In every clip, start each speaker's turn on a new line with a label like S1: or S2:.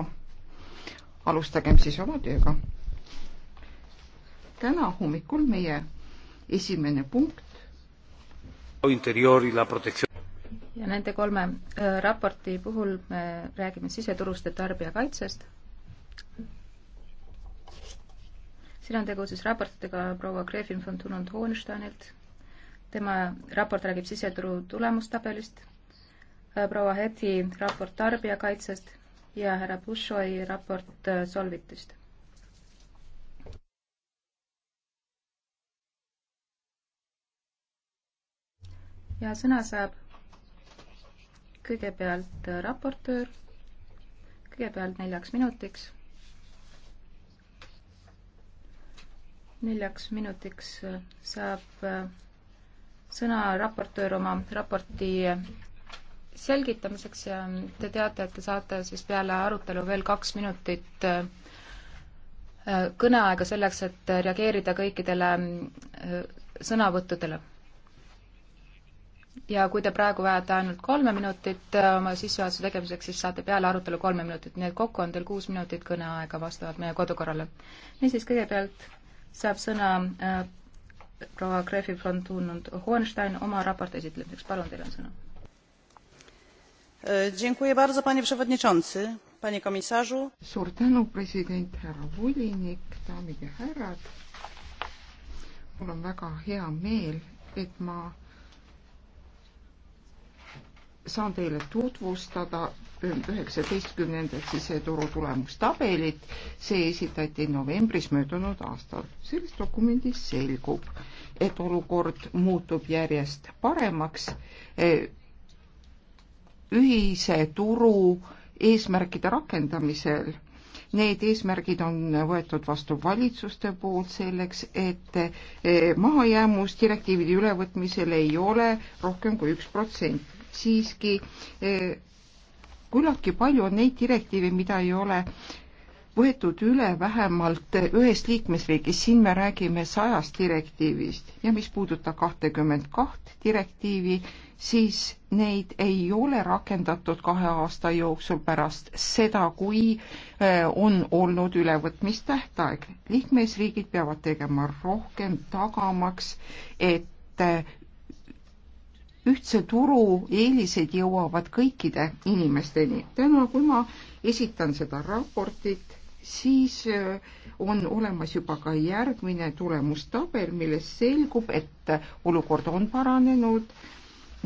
S1: aga alustagem siis oma tööga. täna hommikul meie esimene punkt.
S2: ja nende kolme äh, raporti puhul me räägime siseturust ja tarbijakaitsest. siin on tegu siis raportitega proua Grefin von Tunand Hohensteinilt. tema raport räägib siseturu tulemustabelist äh, proua Heti raport tarbijakaitsest ja härra Bushoi raport äh, solvitist. ja sõna saab kõigepealt äh, raportöör, kõigepealt neljaks minutiks. neljaks minutiks äh, saab sõna raportöör oma raporti selgitamiseks ja te teate, et te saate siis peale arutelu veel kaks minutit äh, kõneaega selleks, et reageerida kõikidele äh, sõnavõttudele. ja kui te praegu vajate ainult kolme minutit äh, oma sissejuhatuse tegemiseks, siis saate peale arutelu kolme minutit, nii et kokku on teil kuus minutit kõneaega vastavalt meie kodukorrale. niisiis, kõigepealt saab sõna proua Grefi von Thunund Hohenstein oma raporti esitlemiseks, palun, teil
S1: on sõna E, dziękuję bardzo, panie przewodniczący, panie komisarzu. Suur tänu, president, härra volinik, daamid ja härrad. Mul on väga hea meel, et ma saan teile tutvustada üheksateistkümnendat siseturu tulemustabelit. see esitati novembris möödunud aastal. selles dokumendis selgub, et olukord muutub järjest paremaks ühise turu eesmärkide rakendamisel. Need eesmärgid on võetud vastu valitsuste poolt selleks, et eh, mahajäämus direktiivide ülevõtmisel ei ole rohkem kui üks protsent. siiski eh, küllaltki palju on neid direktiive, mida ei ole võetud üle vähemalt ühes liikmesriigis, siin me räägime sajast direktiivist ja mis puudutab kahtekümmend kaht direktiivi, siis neid ei ole rakendatud kahe aasta jooksul pärast seda, kui äh, on olnud ülevõtmistähtaeg. liikmesriigid peavad tegema rohkem tagamaks, et äh, ühtse turu eelised jõuavad kõikide inimesteni. täna, kui ma esitan seda raportit, siis äh, on olemas juba ka järgmine tulemustabel, millest selgub, et olukord on paranenud,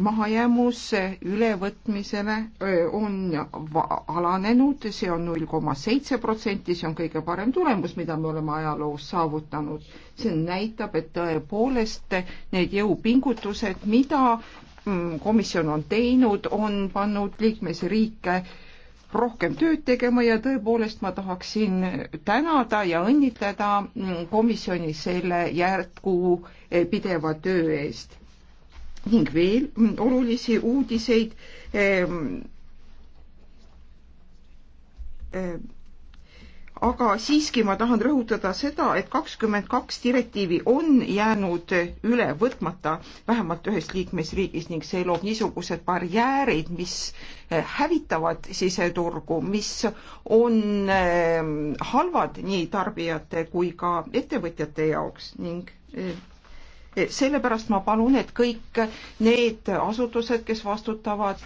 S1: mahajäämus ülevõtmisele äh, on alanenud, see on null koma seitse protsenti, see on kõige parem tulemus, mida me oleme ajaloos saavutanud. see näitab, et tõepoolest need jõupingutused, mida mm, komisjon on teinud, on pannud liikmesriike rohkem tööd tegema ja tõepoolest ma tahaksin tänada ja õnnitleda komisjoni selle jätkupideva eh, töö eest. ning veel olulisi uudiseid ehm,. Ehm, aga siiski ma tahan rõhutada seda, et kakskümmend kaks direktiivi on jäänud üle võtmata vähemalt ühes liikmesriigis ning see loob niisugused barjäärid, mis eh, hävitavad siseturgu, mis on eh, halvad nii tarbijate kui ka ettevõtjate jaoks ning eh, sellepärast ma palun, et kõik need asutused, kes vastutavad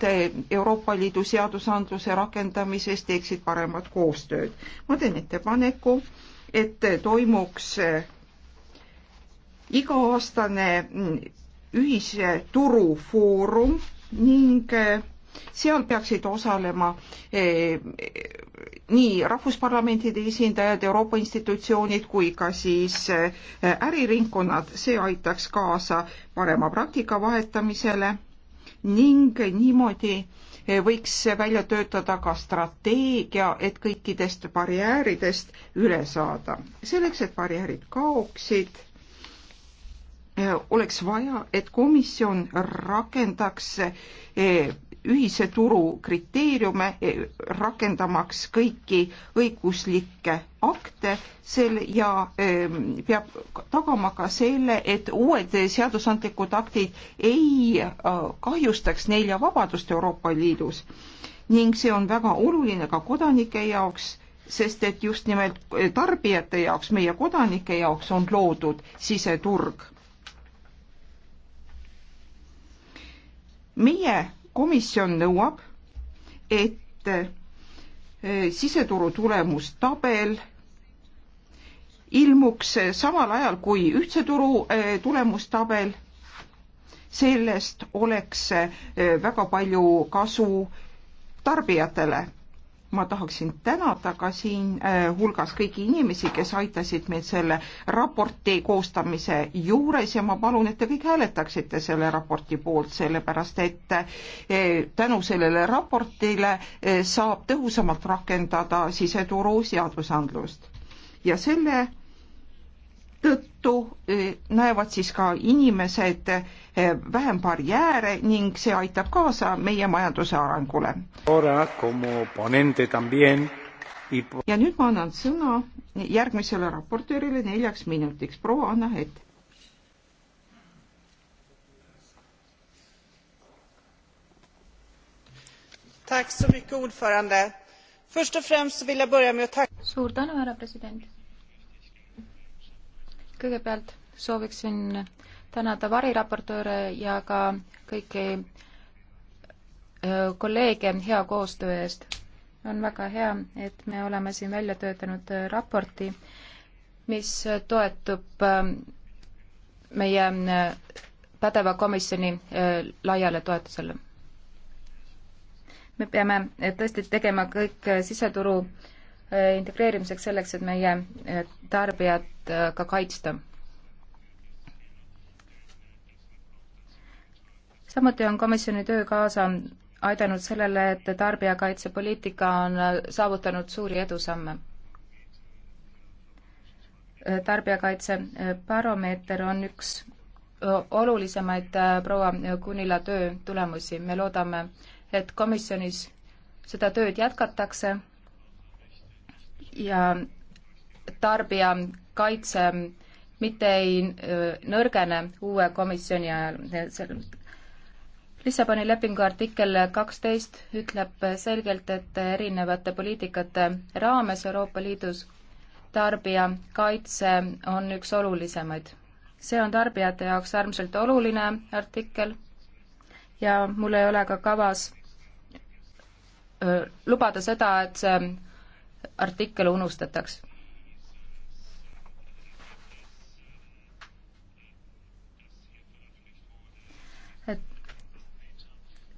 S1: Euroopa Liidu seadusandluse rakendamises, teeksid paremat koostööd. ma teen ettepaneku, et toimuks iga-aastane ühisturufoorum ning seal peaksid osalema nii rahvusparlamentide esindajad, Euroopa institutsioonid kui ka siis eh, äriringkonnad, see aitaks kaasa parema praktika vahetamisele ning niimoodi eh, võiks välja töötada ka strateegia, et kõikidest barjääridest üle saada. selleks, et barjäärid kaoksid, eh, oleks vaja, et komisjon rakendaks ühise turu kriteeriume e, rakendamaks kõiki õiguslikke akte sel ja ehm, peab tagama ka selle, et uued seadusandlikud aktid ei äh, kahjustaks nelja vabadust Euroopa Liidus ning see on väga oluline ka kodanike jaoks, sest et just nimelt e, tarbijate jaoks, meie kodanike jaoks on loodud siseturg. meie komisjon nõuab, et eh, siseturu tulemustabel ilmuks samal ajal kui ühtse turu eh, tulemustabel. sellest oleks eh, väga palju kasu tarbijatele ma tahaksin tänada ka siin äh, hulgas kõiki inimesi, kes aitasid meid selle raporti koostamise juures ja ma palun, et te kõik hääletaksite selle raporti poolt, sellepärast et äh, tänu sellele raportile äh, saab tõhusamalt rakendada siseturu seadusandlust ja selle tõttu eh, näevad siis ka inimesed eh, vähem barjääre ning see aitab kaasa meie majanduse arengule. ja nüüd ma annan sõna järgmisele raportöörile neljaks minutiks, proua Anna Hett.
S2: suur tänu, härra president kõigepealt sooviksin tänada variraportööre ja ka kõiki kolleege hea koostöö eest. on väga hea, et me oleme siin välja töötanud raporti, mis toetub meie pädeva komisjoni laiale toetusele. me peame tõesti tegema kõik siseturu äh, Eh, integreerimiseks, selleks et meie eh, tarbijat eh, ka kaitsta. samuti on komisjoni töö kaasa aidanud sellele, et tarbijakaitsepoliitika on saavutanud suuri edusamme. tarbijakaitsebaromeeter on üks olulisemaid proua Kunila töö tulemusi. me loodame, et komisjonis seda tööd jätkatakse ja tarbijakaitse mitte ei nõrgene uue komisjoni ajal. Lissaboni lepingu artikkel kaksteist ütleb selgelt, et erinevate poliitikate raames Euroopa Liidus tarbijakaitse on üks olulisemaid. see on tarbijate jaoks äärmiselt oluline artikkel ja mul ei ole ka kavas öö, lubada seda, et see artikkel unustataks.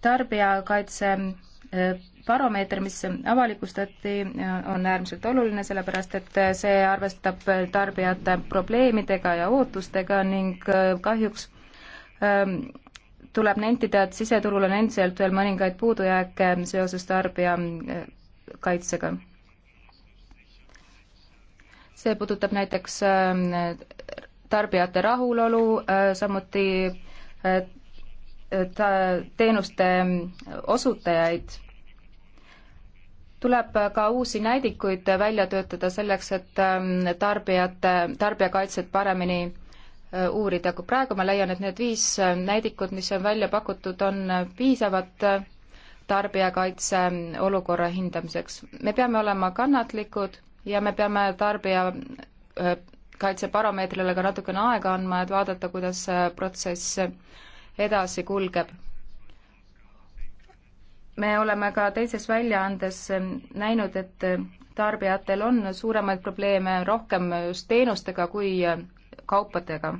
S2: tarbijakaitse äh, baromeeter, mis avalikustati, äh, on äärmiselt oluline, sellepärast et äh, see arvestab tarbijate probleemidega ja ootustega ning kahjuks ähm, tuleb nentida, et siseturul on endiselt veel mõningaid puudujääke seoses tarbijakaitsega see puudutab näiteks ähm, tarbijate rahulolu, äh, samuti äh, äh, teenuste ähm, osutajaid. tuleb ka uusi näidikuid välja töötada selleks, et ähm, tarbijate, tarbijakaitset paremini uurida, kui praegu ma leian, et need viis näidikut, mis on välja pakutud, on piisavad tarbijakaitse olukorra hindamiseks. me peame olema kannatlikud ja me peame tarbija äh, kaitseparameetrile ka natukene aega andma, et vaadata, kuidas protsess edasi kulgeb. me oleme ka teises väljaandes näinud, et tarbijatel on suuremaid probleeme rohkem just teenustega kui kaupadega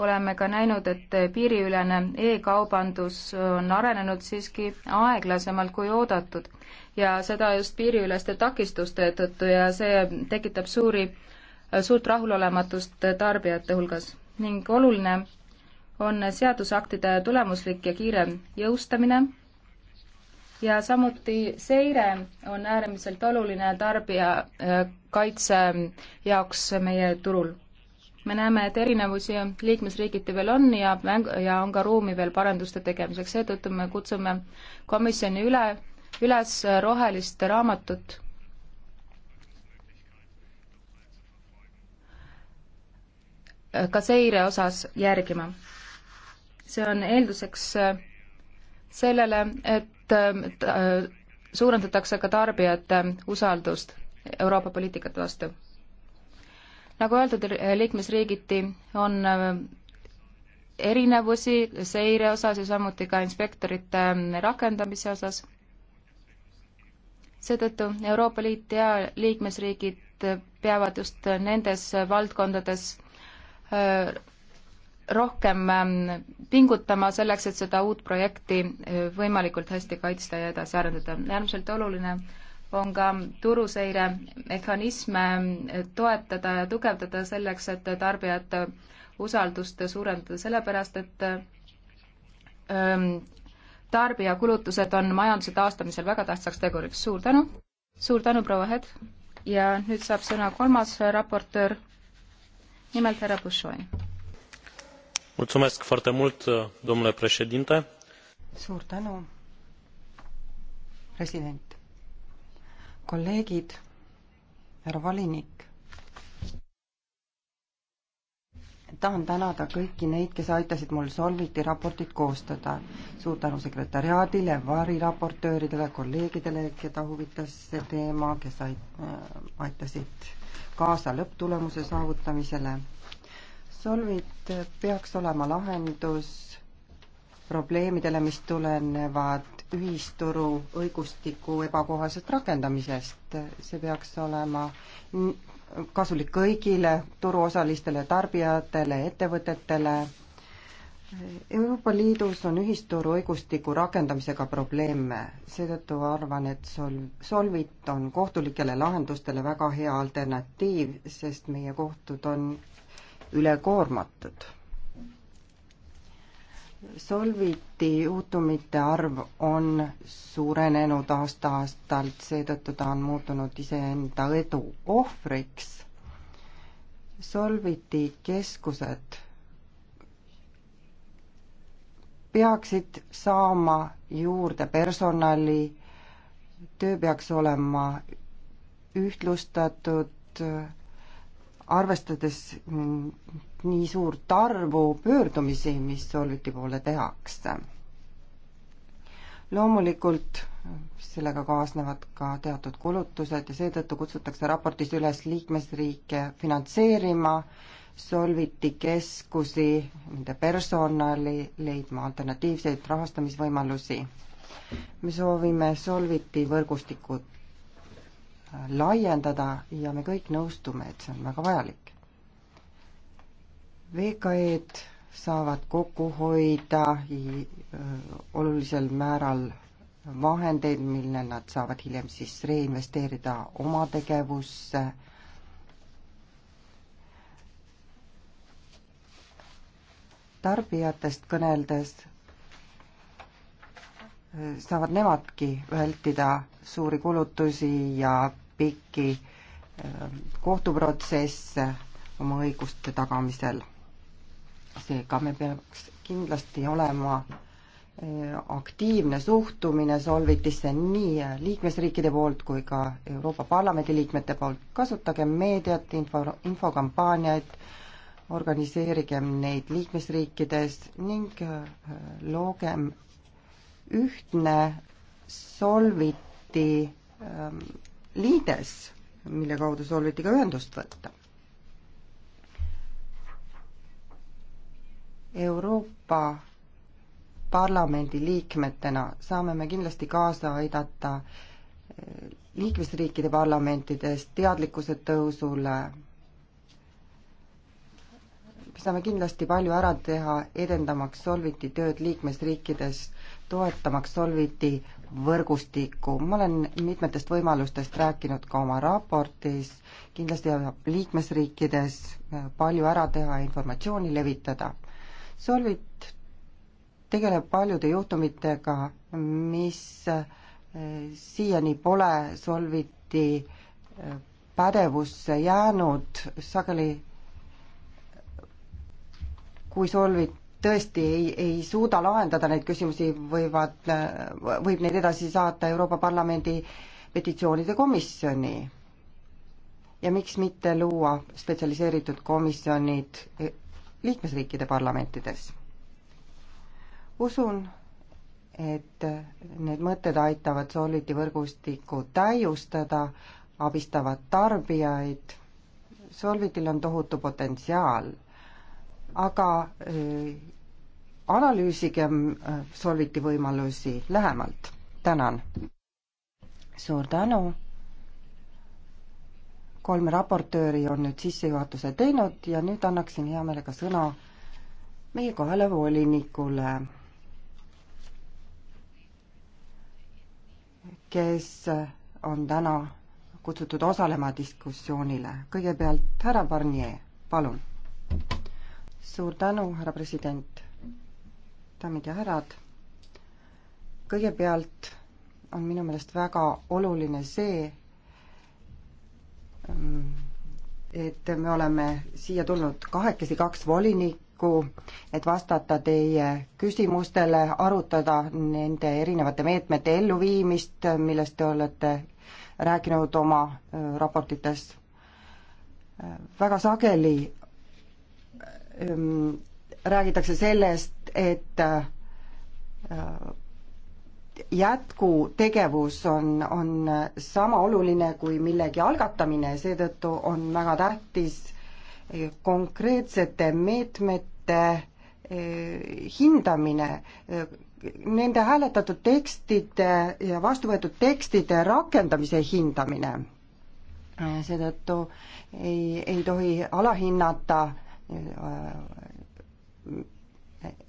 S2: oleme ka näinud, et piiriülene e-kaubandus on arenenud siiski aeglasemalt kui oodatud ja seda just piiriüleste takistuste tõttu ja see tekitab suuri, suurt rahulolematust tarbijate hulgas ning oluline on seadusaktide tulemuslik ja kiire jõustamine ja samuti seire on äärmiselt oluline tarbijakaitse äh, jaoks meie turul me näeme, et erinevusi liikmesriigiti veel on ja mäng, ja on ka ruumi veel parenduste tegemiseks, seetõttu me kutsume komisjoni üle, üles rohelist raamatut ka seire osas järgima. see on eelduseks sellele, et äh, suurendatakse ka tarbijate usaldust Euroopa poliitikate vastu nagu öeldud, liikmesriigiti on äh, erinevusi seire osas ja samuti ka inspektorite äh, rakendamise osas. seetõttu Euroopa Liit ja liikmesriigid peavad just nendes valdkondades äh, rohkem pingutama selleks, et seda uut projekti võimalikult hästi kaitsta ja edasi arendada. äärmiselt oluline on ka turuseire mehhanisme toetada ja tugevdada selleks, et tarbijate usaldust suurendada, sellepärast et ähm, tarbijakulutused on majanduse taastamisel väga tähtsaks teguriks. suur tänu, suur tänu, proua Hed! ja nüüd saab sõna kolmas raportöör,
S3: nimelt härra Bushoi. suur tänu, president! kolleegid, härra volinik. tahan tänada kõiki neid, kes aitasid mul Solviti raportit koostada. suur tänu sekretäriaadile, variraportööridele, kolleegidele, keda huvitas see teema, kes ait-, äh, aitasid kaasa lõpptulemuse saavutamisele. Solvit peaks olema lahendus probleemidele, mis tulenevad ühisturu õigustiku ebakohasest rakendamisest. see peaks olema kasulik kõigile turuosalistele, tarbijatele, ettevõtetele. Euroopa Liidus on ühisturu õigustiku rakendamisega probleeme, seetõttu arvan, et sol-, solvit on kohtulikele lahendustele väga hea alternatiiv, sest meie kohtud on ülekoormatud solviti juhtumite arv on suurenenud aasta-aastalt, seetõttu ta on muutunud iseenda edu ohvriks. solviti keskused peaksid saama juurde personali, töö peaks olema ühtlustatud, arvestades nii suurt arvu pöördumisi, mis Solviti poole tehakse. loomulikult sellega kaasnevad ka teatud kulutused ja seetõttu kutsutakse raportis üles liikmesriike finantseerima Solviti keskusi, nende personali, leidma alternatiivseid rahastamisvõimalusi. me soovime Solviti võrgustikku laiendada ja me kõik nõustume, et see on väga vajalik. VKE-d saavad kokku hoida olulisel määral vahendeid, mille nad saavad hiljem siis reinvesteerida oma tegevusse. tarbijatest kõneldes saavad nemadki vältida suuri kulutusi ja pikki kohtuprotsesse oma õiguste tagamisel seega me peaks kindlasti olema eh, aktiivne suhtumine Solvitisse nii liikmesriikide poolt kui ka Euroopa Parlamendi liikmete poolt. kasutagem meediat, info, infokampaaniaid, organiseerigem neid liikmesriikides ning eh, loogem ühtne Solviti eh, liides, mille kaudu Solvitiga ühendust võtta Euroopa Parlamendi liikmetena saame me kindlasti kaasa aidata eh, liikmesriikide parlamentides teadlikkuse tõusule. me saame kindlasti palju ära teha, edendamaks Solviti tööd liikmesriikides, toetamaks Solviti võrgustikku. ma olen mitmetest võimalustest rääkinud ka oma raportis, kindlasti liikmesriikides eh, palju ära teha, informatsiooni levitada Solvit tegeleb paljude juhtumitega, mis eh, siiani pole Solviti eh, pädevusse jäänud, sageli kui Solvit tõesti ei, ei suuda lahendada neid küsimusi, võivad, eh, võib neid edasi saata Euroopa Parlamendi petitsioonide komisjoni. ja miks mitte luua spetsialiseeritud komisjonid liikmesriikide parlamentides. usun, et need mõtted aitavad Solidi võrgustikku täiustada, abistavad tarbijaid, Solvitil on tohutu potentsiaal, aga äh, analüüsigem äh, Solviti võimalusi lähemalt, tänan! suur tänu! kolm raportööri on nüüd sissejuhatuse teinud ja nüüd annaksin hea meelega sõna meie kahele volinikule, kes on täna kutsutud osalema diskussioonile. kõigepealt härra Barnier, palun. suur tänu, härra president, daamid ja härrad. kõigepealt on minu meelest väga oluline see, et me oleme siia tulnud kahekesi, kaks volinikku, et vastata teie küsimustele, arutada nende erinevate meetmete elluviimist, millest te olete rääkinud oma äh, raportites. väga sageli ähm, räägitakse sellest, et äh, jätkutegevus on, on sama oluline kui millegi algatamine, seetõttu on väga tähtis eh, konkreetsete meetmete eh, hindamine, eh, nende hääletatud tekstide ja vastu võetud tekstide rakendamise hindamine. seetõttu ei, ei tohi alahinnata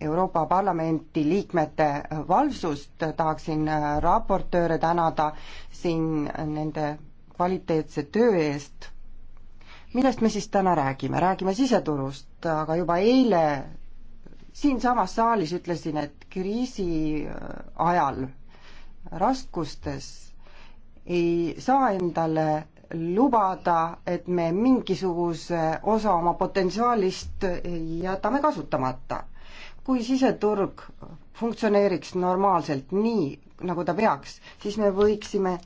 S3: Euroopa Parlamenti liikmete valvsust, tahaksin raportööre tänada siin nende kvaliteetse töö eest. millest me siis täna räägime, räägime siseturust, aga juba eile siinsamas saalis ütlesin, et kriisi äh, ajal raskustes ei saa endale lubada, et me mingisuguse osa oma potentsiaalist jätame kasutamata kui siseturg funktsioneeriks normaalselt nii, nagu ta peaks, siis me võiksime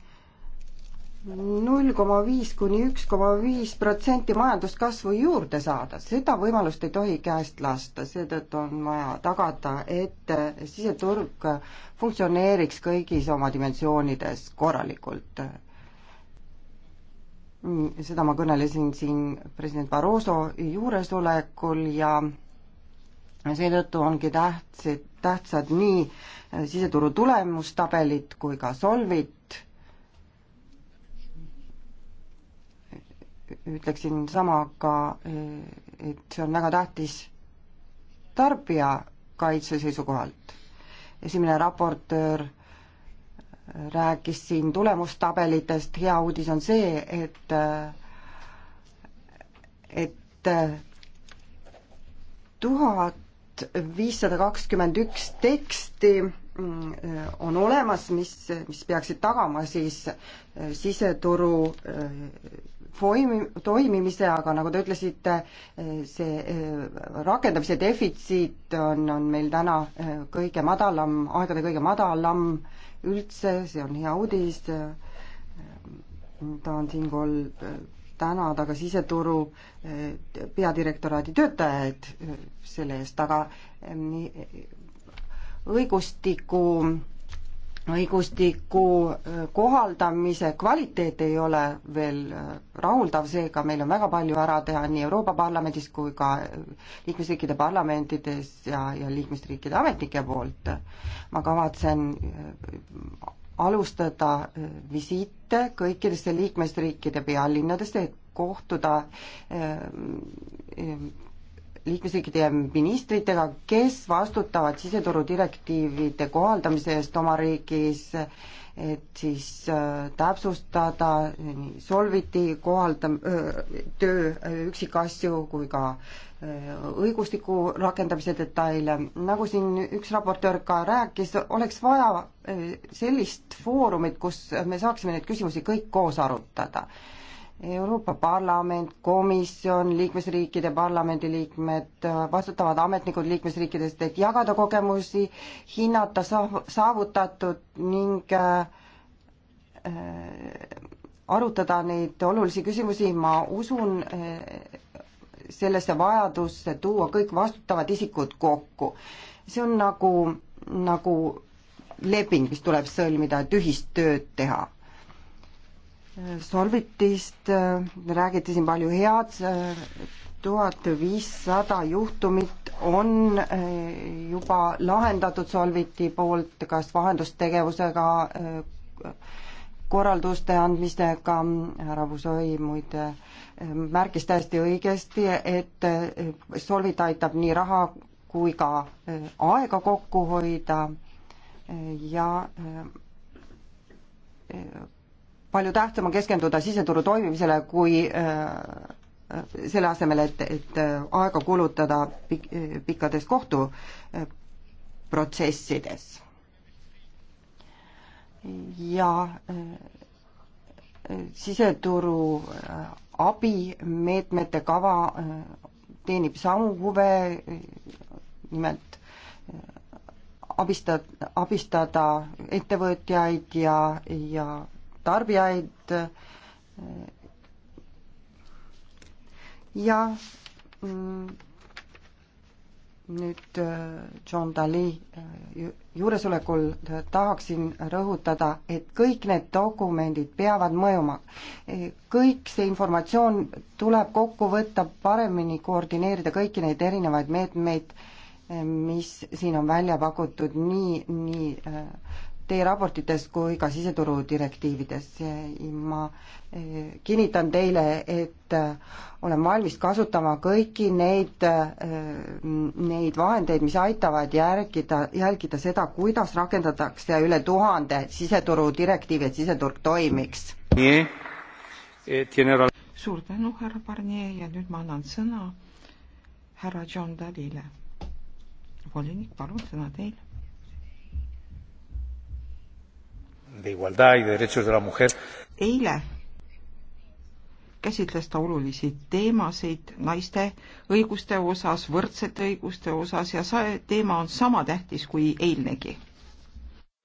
S3: null koma viis kuni üks koma viis protsenti majanduskasvu juurde saada, seda võimalust ei tohi käest lasta, seetõttu on vaja tagada, et siseturg funktsioneeriks kõigis oma dimensioonides korralikult. seda ma kõnelesin siin president Barroso juuresolekul ja seetõttu ongi tähtsad, tähtsad nii äh, siseturu tulemustabelid kui ka solvit. ütleksin sama ka, äh, et see on väga tähtis tarbijakaitse seisukohalt. esimene raportöör äh, rääkis siin tulemustabelitest, hea uudis on see, et et tuhat viissada kakskümmend üks teksti mm, on olemas, mis, mis peaksid tagama siis äh, siseturu toimi-, äh, toimimise, aga nagu te ütlesite, äh, see rakendamise defitsiit on, on meil täna kõige madalam, aegade kõige madalam üldse, see on hea uudis, tahan siinkohal tänada ka siseturu eh, peadirektoraadi töötajaid eh, selle eest, aga eh, õigustiku, õigustiku kohaldamise kvaliteet ei ole veel rahuldav, seega meil on väga palju ära teha nii Euroopa Parlamendis kui ka liikmesriikide parlamentides ja, ja liikmesriikide ametnike poolt. ma kavatsen alustada äh, visiite kõikidesse liikmesriikide pealinnadesse, et kohtuda äh, äh, liikmesriikide ministritega, kes vastutavad siseturu direktiivide kohaldamise eest oma riigis äh, et siis äh, täpsustada nii solviti kohaldam-, töö üksikasju kui ka õigustiku rakendamise detaile, nagu siin üks raportöör ka rääkis, oleks vaja sellist foorumit, kus me saaksime neid küsimusi kõik koos arutada Euroopa Parlament, komisjon, liikmesriikide parlamendiliikmed, vastutavad ametnikud liikmesriikidest, et jagada kogemusi, hinnata saavutatud ning äh, äh, arutada neid olulisi küsimusi, ma usun äh, sellesse vajadusse tuua kõik vastutavad isikud kokku. see on nagu, nagu leping, mis tuleb sõlmida, et ühist tööd teha solvitist, äh, räägiti siin palju head, äh, tuhat viissada juhtumit on äh, juba lahendatud solviti poolt, kas vahendustegevusega, korralduste andmisega, härra Vusoi muide märkis täiesti õigesti, et solvit aitab nii raha kui ka aega kokku hoida ja palju tähtsam on keskenduda siseturu toimimisele, kui äh, äh, selle asemel, et, et äh, aega kulutada pik-, pikkades kohtuprotsessides. ja siseturu abimeetmete kava teenib samu huve, nimelt abistada, abistada ettevõtjaid ja, ja tarbijaid ja mm, nüüd äh, John Dali äh, juuresolekul äh, tahaksin rõhutada, et kõik need dokumendid peavad mõjuma. kõik see informatsioon tuleb kokku võtta, paremini koordineerida kõiki neid erinevaid meetmeid, mis siin on välja pakutud nii, nii teie raportites kui ka siseturu direktiivides. ma eh, kinnitan teile, et eh, olen valmis kasutama kõiki neid, eh, neid vahendeid, mis aitavad järgida, jälgida seda, kuidas rakendatakse üle tuhande siseturu direktiivi, et siseturg toimiks.
S1: suur tänu, härra Barnier ja nüüd ma annan sõna härra John Dalile. volinik, palun, sõna teile de Igualdad y de Derechos de la Mujer. eile käsitles ta olulisi teemasid naiste õiguste osas, võrdsete õiguste osas ja see teema on sama tähtis kui eilnegi.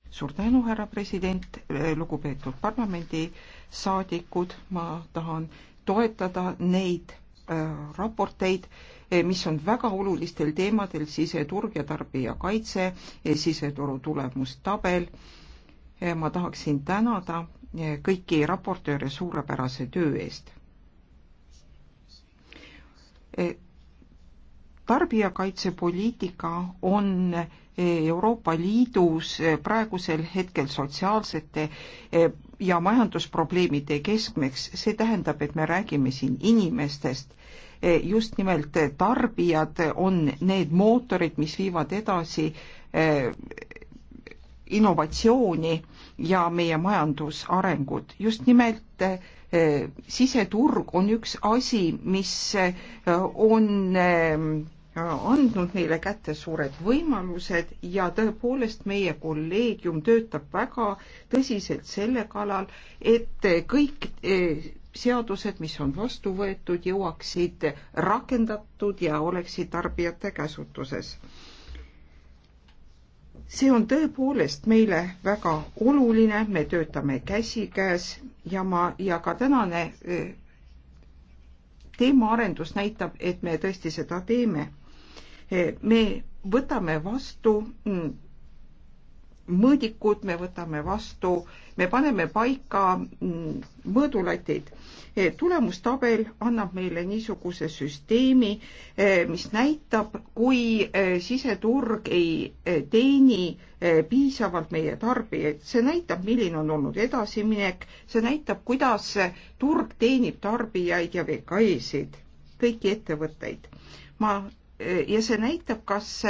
S1: suur tänu, härra president, lugupeetud parlamendisaadikud, ma tahan toetada neid äh, raporteid, eh, mis on väga olulistel teemadel siseturg ja tarbijakaitse, eh, siseturu tulemustabel äh,, ma tahaksin tänada eh, kõiki raportööre suurepärase töö eest. Eh, tarbijakaitsepoliitika on eh, Euroopa Liidus praegusel hetkel sotsiaalsete ja majandusprobleemide keskmeks, see tähendab, et me räägime siin inimestest, just nimelt tarbijad on need mootorid, mis viivad edasi innovatsiooni ja meie majandusarengud. just nimelt eh, siseturg on üks asi, mis eh, on eh, andnud meile kätte suured võimalused ja tõepoolest meie kolleegium töötab väga tõsiselt selle kallal, et kõik seadused, mis on vastu võetud, jõuaksid rakendatud ja oleksid tarbijate käsutuses see on tõepoolest meile väga oluline, me töötame käsikäes ja ma, ja ka tänane e, teemaarendus näitab, et me tõesti seda teeme. E, me võtame vastu mõõdikud, me võtame vastu, me paneme paika mm, mõõdulatid. Eh, tulemustabel annab meile niisuguse süsteemi, eh, mis näitab, kui eh, siseturg ei teeni piisavalt meie tarbijaid. see näitab, milline on olnud edasiminek, see näitab, kuidas turg teenib tarbijaid ja VKE-sid, kõiki ettevõtteid. ma ja see näitab, kas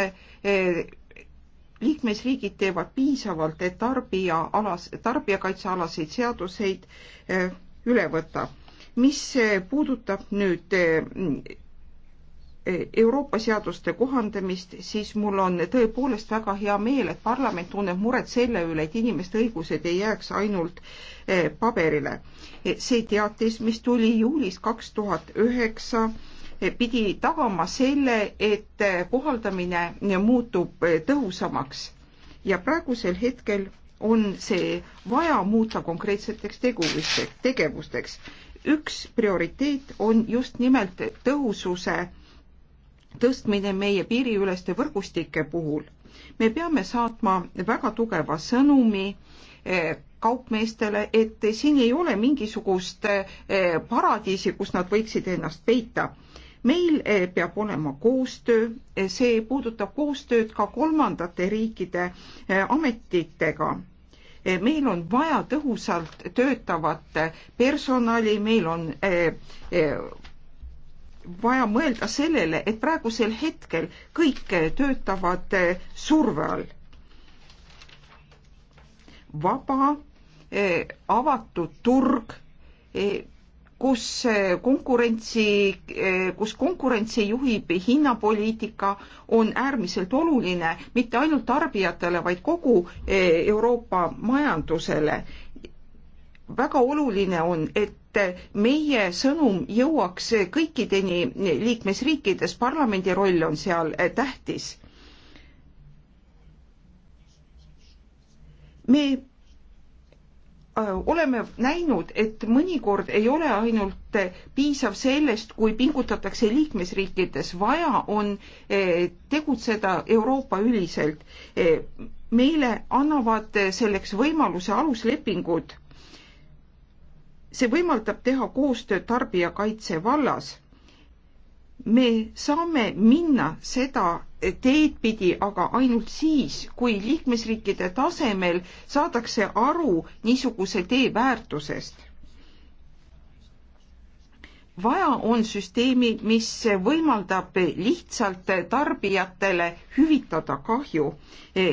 S1: liikmesriigid teevad piisavalt, et tarbija alas, tarbijakaitsealaseid seaduseid eh, üle võtta. mis eh, puudutab nüüd eh, Euroopa seaduste kohandamist, siis mul on tõepoolest väga hea meel, et parlament tunneb muret selle üle, et inimeste õigused ei jääks ainult paberile. see teatis, mis tuli juulis kaks tuhat üheksa, pidi tagama selle, et kohaldamine muutub tõhusamaks ja praegusel hetkel on see vaja muuta konkreetseteks tegevusteks, tegevusteks. üks prioriteet on just nimelt tõhususe tõstmine meie piiriüleste võrgustike puhul. me peame saatma väga tugeva sõnumi eh, kaupmeestele, et siin ei ole mingisugust eh, paradiisi, kus nad võiksid ennast peita meil eh, peab olema koostöö, eh, see puudutab koostööd ka kolmandate riikide eh, ametitega meil on vaja tõhusalt töötavat personali, meil on vaja mõelda sellele, et praegusel hetkel kõik töötavad surve all. vaba, avatud turg kus eh, konkurentsi, eh, kus konkurentsi juhib hinnapoliitika, on äärmiselt oluline mitte ainult tarbijatele, vaid kogu eh, Euroopa majandusele. väga oluline on, et meie sõnum jõuaks kõikideni liikmesriikides, parlamendi roll on seal tähtis. me Äh, oleme näinud, et mõnikord ei ole ainult äh, piisav sellest, kui pingutatakse liikmesriikides, vaja on äh, tegutseda Euroopa üliselt. meile annavad selleks võimaluse aluslepingud. see võimaldab teha koostööd tarbijakaitse vallas. me saame minna seda teed pidi, aga ainult siis, kui liikmesriikide tasemel saadakse aru niisuguse tee väärtusest. vaja on süsteemi, mis võimaldab lihtsalt tarbijatele hüvitada kahju.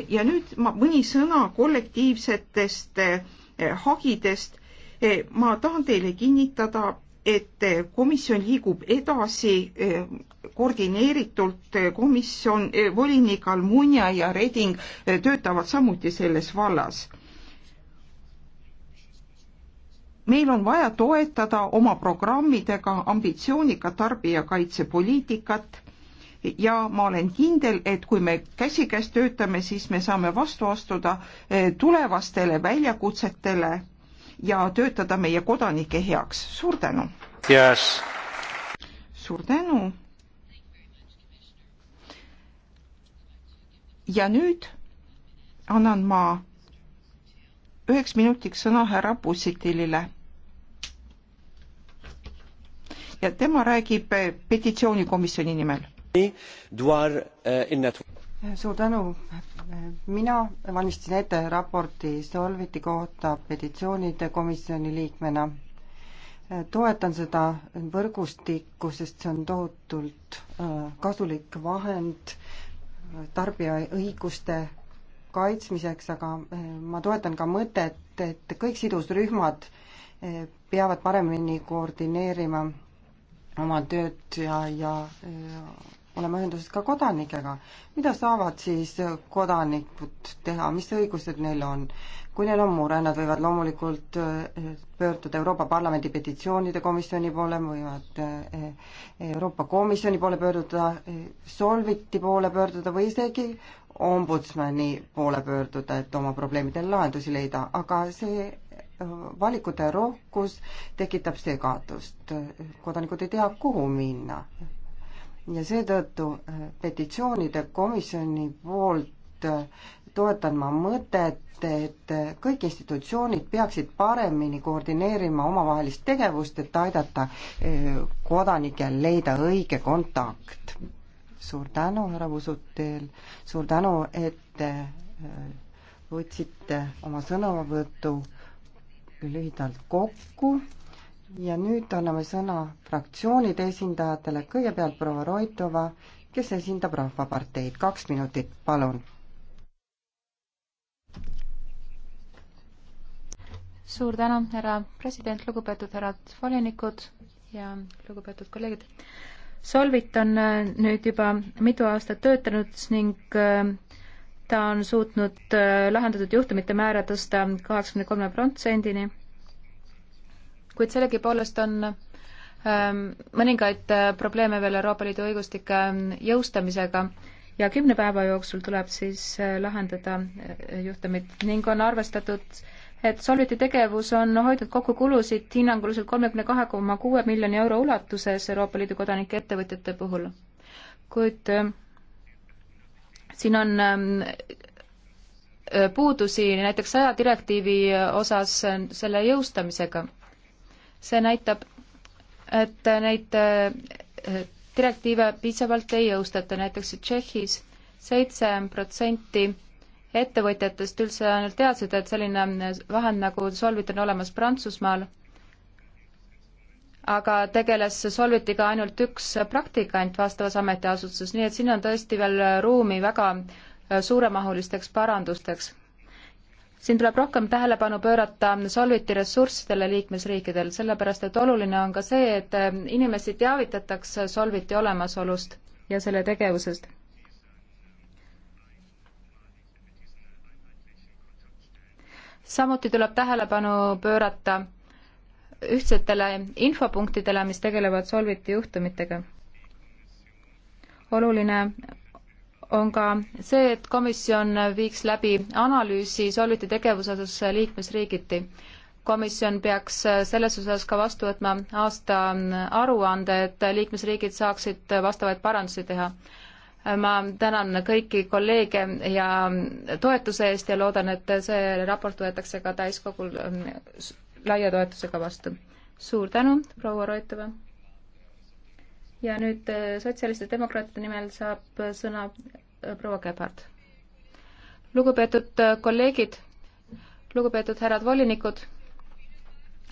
S1: ja nüüd ma mõni sõna kollektiivsetest eh, hagidest. Eh, ma tahan teile kinnitada, et eh, komisjon liigub edasi koordineeritult eh, komisjon, eh, volinik Almunia ja Reding eh, töötavad samuti selles vallas. meil on vaja toetada oma programmidega ambitsioonikat tarbijakaitsepoliitikat ja ma olen kindel, et kui me käsikäes töötame, siis me saame vastu astuda tulevastele väljakutsetele ja töötada meie kodanike heaks. suur tänu yes.! suur tänu! ja nüüd annan ma üheks minutiks sõna härra Pussitilile. ja tema räägib eh, petitsioonikomisjoni nimel. Eh,
S3: suur tänu. mina valmistasin ette raporti Solviti kohta petitsioonide komisjoni liikmena. toetan seda võrgustikku, sest see on tohutult eh, kasulik vahend tarbija õiguste kaitsmiseks, aga eh, ma toetan ka mõtet, et kõik sidusrühmad eh, peavad paremini koordineerima oma tööd ja, ja, ja eh, olema ühenduses ka kodanikega. mida saavad siis kodanikud teha, mis õigused neil on? kui neil on mure, nad võivad loomulikult eh, pöörduda Euroopa Parlamendi petitsioonide komisjoni poole, võivad eh, Euroopa Komisjoni poole pöörduda, eh, Solviti poole pöörduda või isegi ombudsmani poole pöörduda, et oma probleemidele lahendusi leida, aga see valikute rohkus tekitab segadust. kodanikud ei tea, kuhu minna ja seetõttu petitsioonide komisjoni poolt Äh, toetan ma mõtet, et kõik institutsioonid peaksid paremini koordineerima omavahelist tegevust, et aidata äh, kodanikel leida õige kontakt. suur tänu, härra Usutel, suur tänu, et äh, võtsite oma sõnavõtu lühidalt kokku ja nüüd anname sõna fraktsioonide esindajatele, kõigepealt proua Roitova, kes esindab Rahvaparteid, kaks minutit, palun
S2: suur tänu, härra president, lugupeetud härrad volinikud ja lugupeetud kolleegid. Solvit on äh, nüüd juba mitu aastat töötanud ning äh, ta on suutnud äh, lahendatud juhtumite määra tõsta kaheksakümne kolme protsendini, kuid sellegipoolest on ähm, mõningaid probleeme veel Euroopa Liidu õigustike ähm, jõustamisega ja kümne päeva jooksul tuleb siis lahendada juhtumid ning on arvestatud et Solviti tegevus on hoidnud kokku kulusid hinnanguliselt kolmekümne kahe koma kuue miljoni euro ulatuses Euroopa Liidu kodanike ettevõtjate puhul. kuid äh, siin on ähm, äh, puudusi näiteks saja direktiivi osas ähm, selle jõustamisega. see näitab, et neid äh, direktiive piisavalt ei jõustata, näiteks Tšehhis seitse protsenti ettevõtjatest üldse ainult teadsid, et selline vahend nagu solvit on olemas Prantsusmaal, aga tegeles solvitiga ainult üks praktikant vastavas ametiasutuses, nii et siin on tõesti veel ruumi väga suuremahulisteks parandusteks. siin tuleb rohkem tähelepanu pöörata solviti ressurssidele liikmesriikidel, sellepärast et oluline on ka see, et inimesi teavitatakse solviti olemasolust ja selle tegevusest samuti tuleb tähelepanu pöörata ühtsetele infopunktidele, mis tegelevad Solviti juhtumitega. oluline on ka see, et komisjon viiks läbi analüüsi Solviti tegevuse osas liikmesriigiti. komisjon peaks selles osas ka vastu võtma aasta aruande, et liikmesriigid saaksid vastavaid parandusi teha ma tänan kõiki kolleege ja toetuse eest ja loodan, et see raport võetakse ka täiskogul ähm, laia toetusega vastu. suur tänu, proua Roitova. ja nüüd äh, sotsialistide demokraatide nimel saab sõna äh, proua Gebhard. lugupeetud äh, kolleegid, lugupeetud härrad volinikud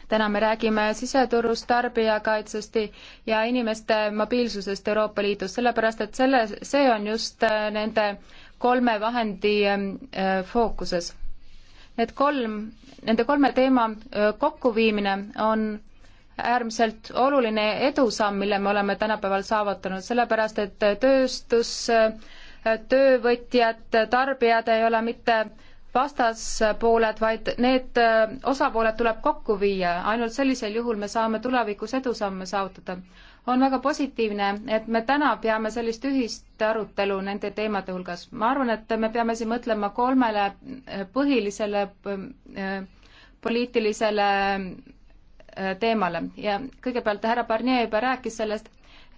S2: täna me räägime siseturust, tarbijakaitsest ja inimeste mobiilsusest Euroopa Liidus, sellepärast et selle, see on just äh, nende kolme vahendi ähm, äh, fookuses. Need kolm, nende kolme teema äh, kokkuviimine on äärmiselt oluline edusamm, mille me oleme tänapäeval saavutanud, sellepärast et tööstus, töövõtjad, tarbijad ei ole mitte vastaspooled, vaid need äh, osapooled tuleb kokku viia, ainult sellisel juhul me saame tulevikus edusamme saavutada. on väga positiivne, et me täna peame sellist ühist arutelu nende teemade hulgas. ma arvan, et me peame siin mõtlema kolmele äh, põhilisele äh, poliitilisele teemale ja kõigepealt härra Barnier juba rääkis sellest,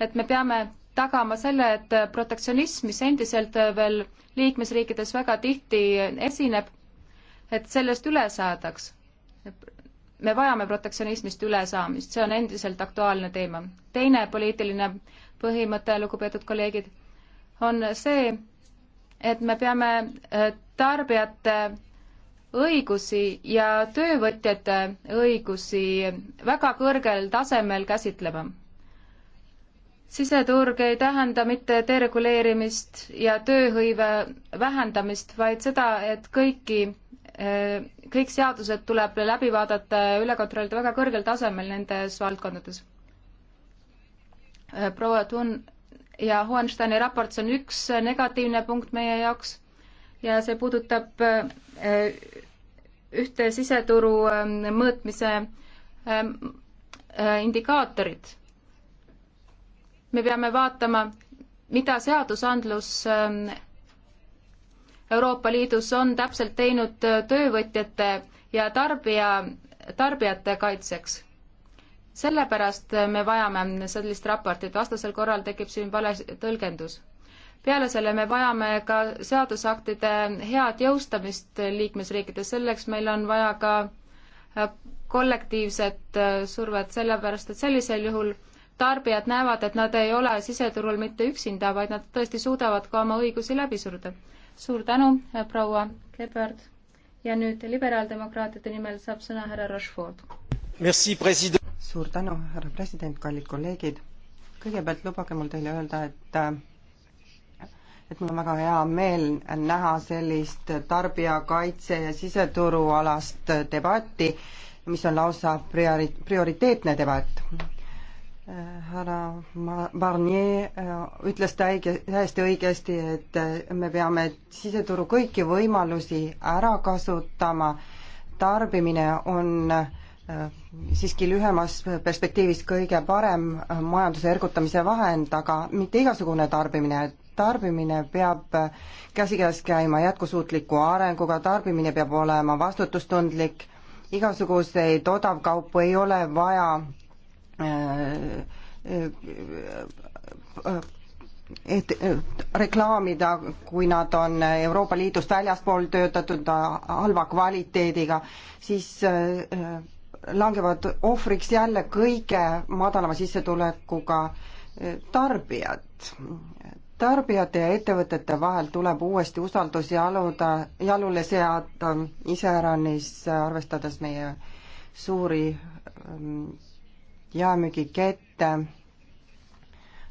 S2: et me peame tagama selle, et protektsionism, mis endiselt veel liikmesriikides väga tihti esineb, et sellest üle saadaks. me vajame protektsionismist ülesaamist, see on endiselt aktuaalne teema. teine poliitiline põhimõte, lugupeetud kolleegid, on see, et me peame äh, tarbijate õigusi ja töövõtjate õigusi väga kõrgel tasemel käsitlema siseturg ei tähenda mitte dereguleerimist ja tööhõive vähendamist, vaid seda, et kõiki, eh, kõik seadused tuleb läbi vaadata ja üle kontrollida väga kõrgel tasemel nendes valdkondades. Eh, proua Thun ja Hohensteini raport, see on üks negatiivne punkt meie jaoks ja see puudutab eh, ühte siseturu mõõtmise indikaatorit me peame vaatama, mida seadusandlus ähm, Euroopa Liidus on täpselt teinud äh, töövõtjate ja tarbija, tarbijate kaitseks. sellepärast äh, me vajame sellist raportit, vastasel korral tekib siin vale tõlgendus. peale selle me vajame ka seadusaktide head jõustamist liikmesriikides, selleks meil on vaja ka äh, kollektiivset survet, sellepärast et sellisel juhul tarbijad näevad, et nad ei ole siseturul mitte üksinda, vaid nad tõesti suudavad ka oma õigusi läbi suruda. suur tänu, eh, proua Gebhard. ja nüüd liberaaldemokraatide nimel saab sõna härra Rochefort.
S3: suur tänu, härra president, kallid kolleegid. kõigepealt lubage mul teile öelda, et et mul on väga hea meel näha sellist tarbijakaitse ja siseturualast debatti, mis on lausa priori-, prioriteetne debatt härra Barnier äh, ütles täige, täiesti õigesti, et äh, me peame siseturu kõiki võimalusi ära kasutama. tarbimine on äh, siiski lühemas perspektiivis kõige parem majanduse ergutamise vahend, aga mitte igasugune tarbimine, tarbimine peab käsikäes käima jätkusuutliku arenguga, tarbimine peab olema vastutustundlik, igasuguseid odavkaupu ei ole vaja Äh, äh, äh, et reklaamida, kui nad on Euroopa Liidust väljaspool töötatud halva kvaliteediga, siis langevad ohvriks jälle kõige madalama sissetulekuga tarbijad. tarbijate ja ettevõtete vahel tuleb uuesti usaldus jaluda, jalule seada, iseäranis arvestades meie suuri ähm, jaemüügikette.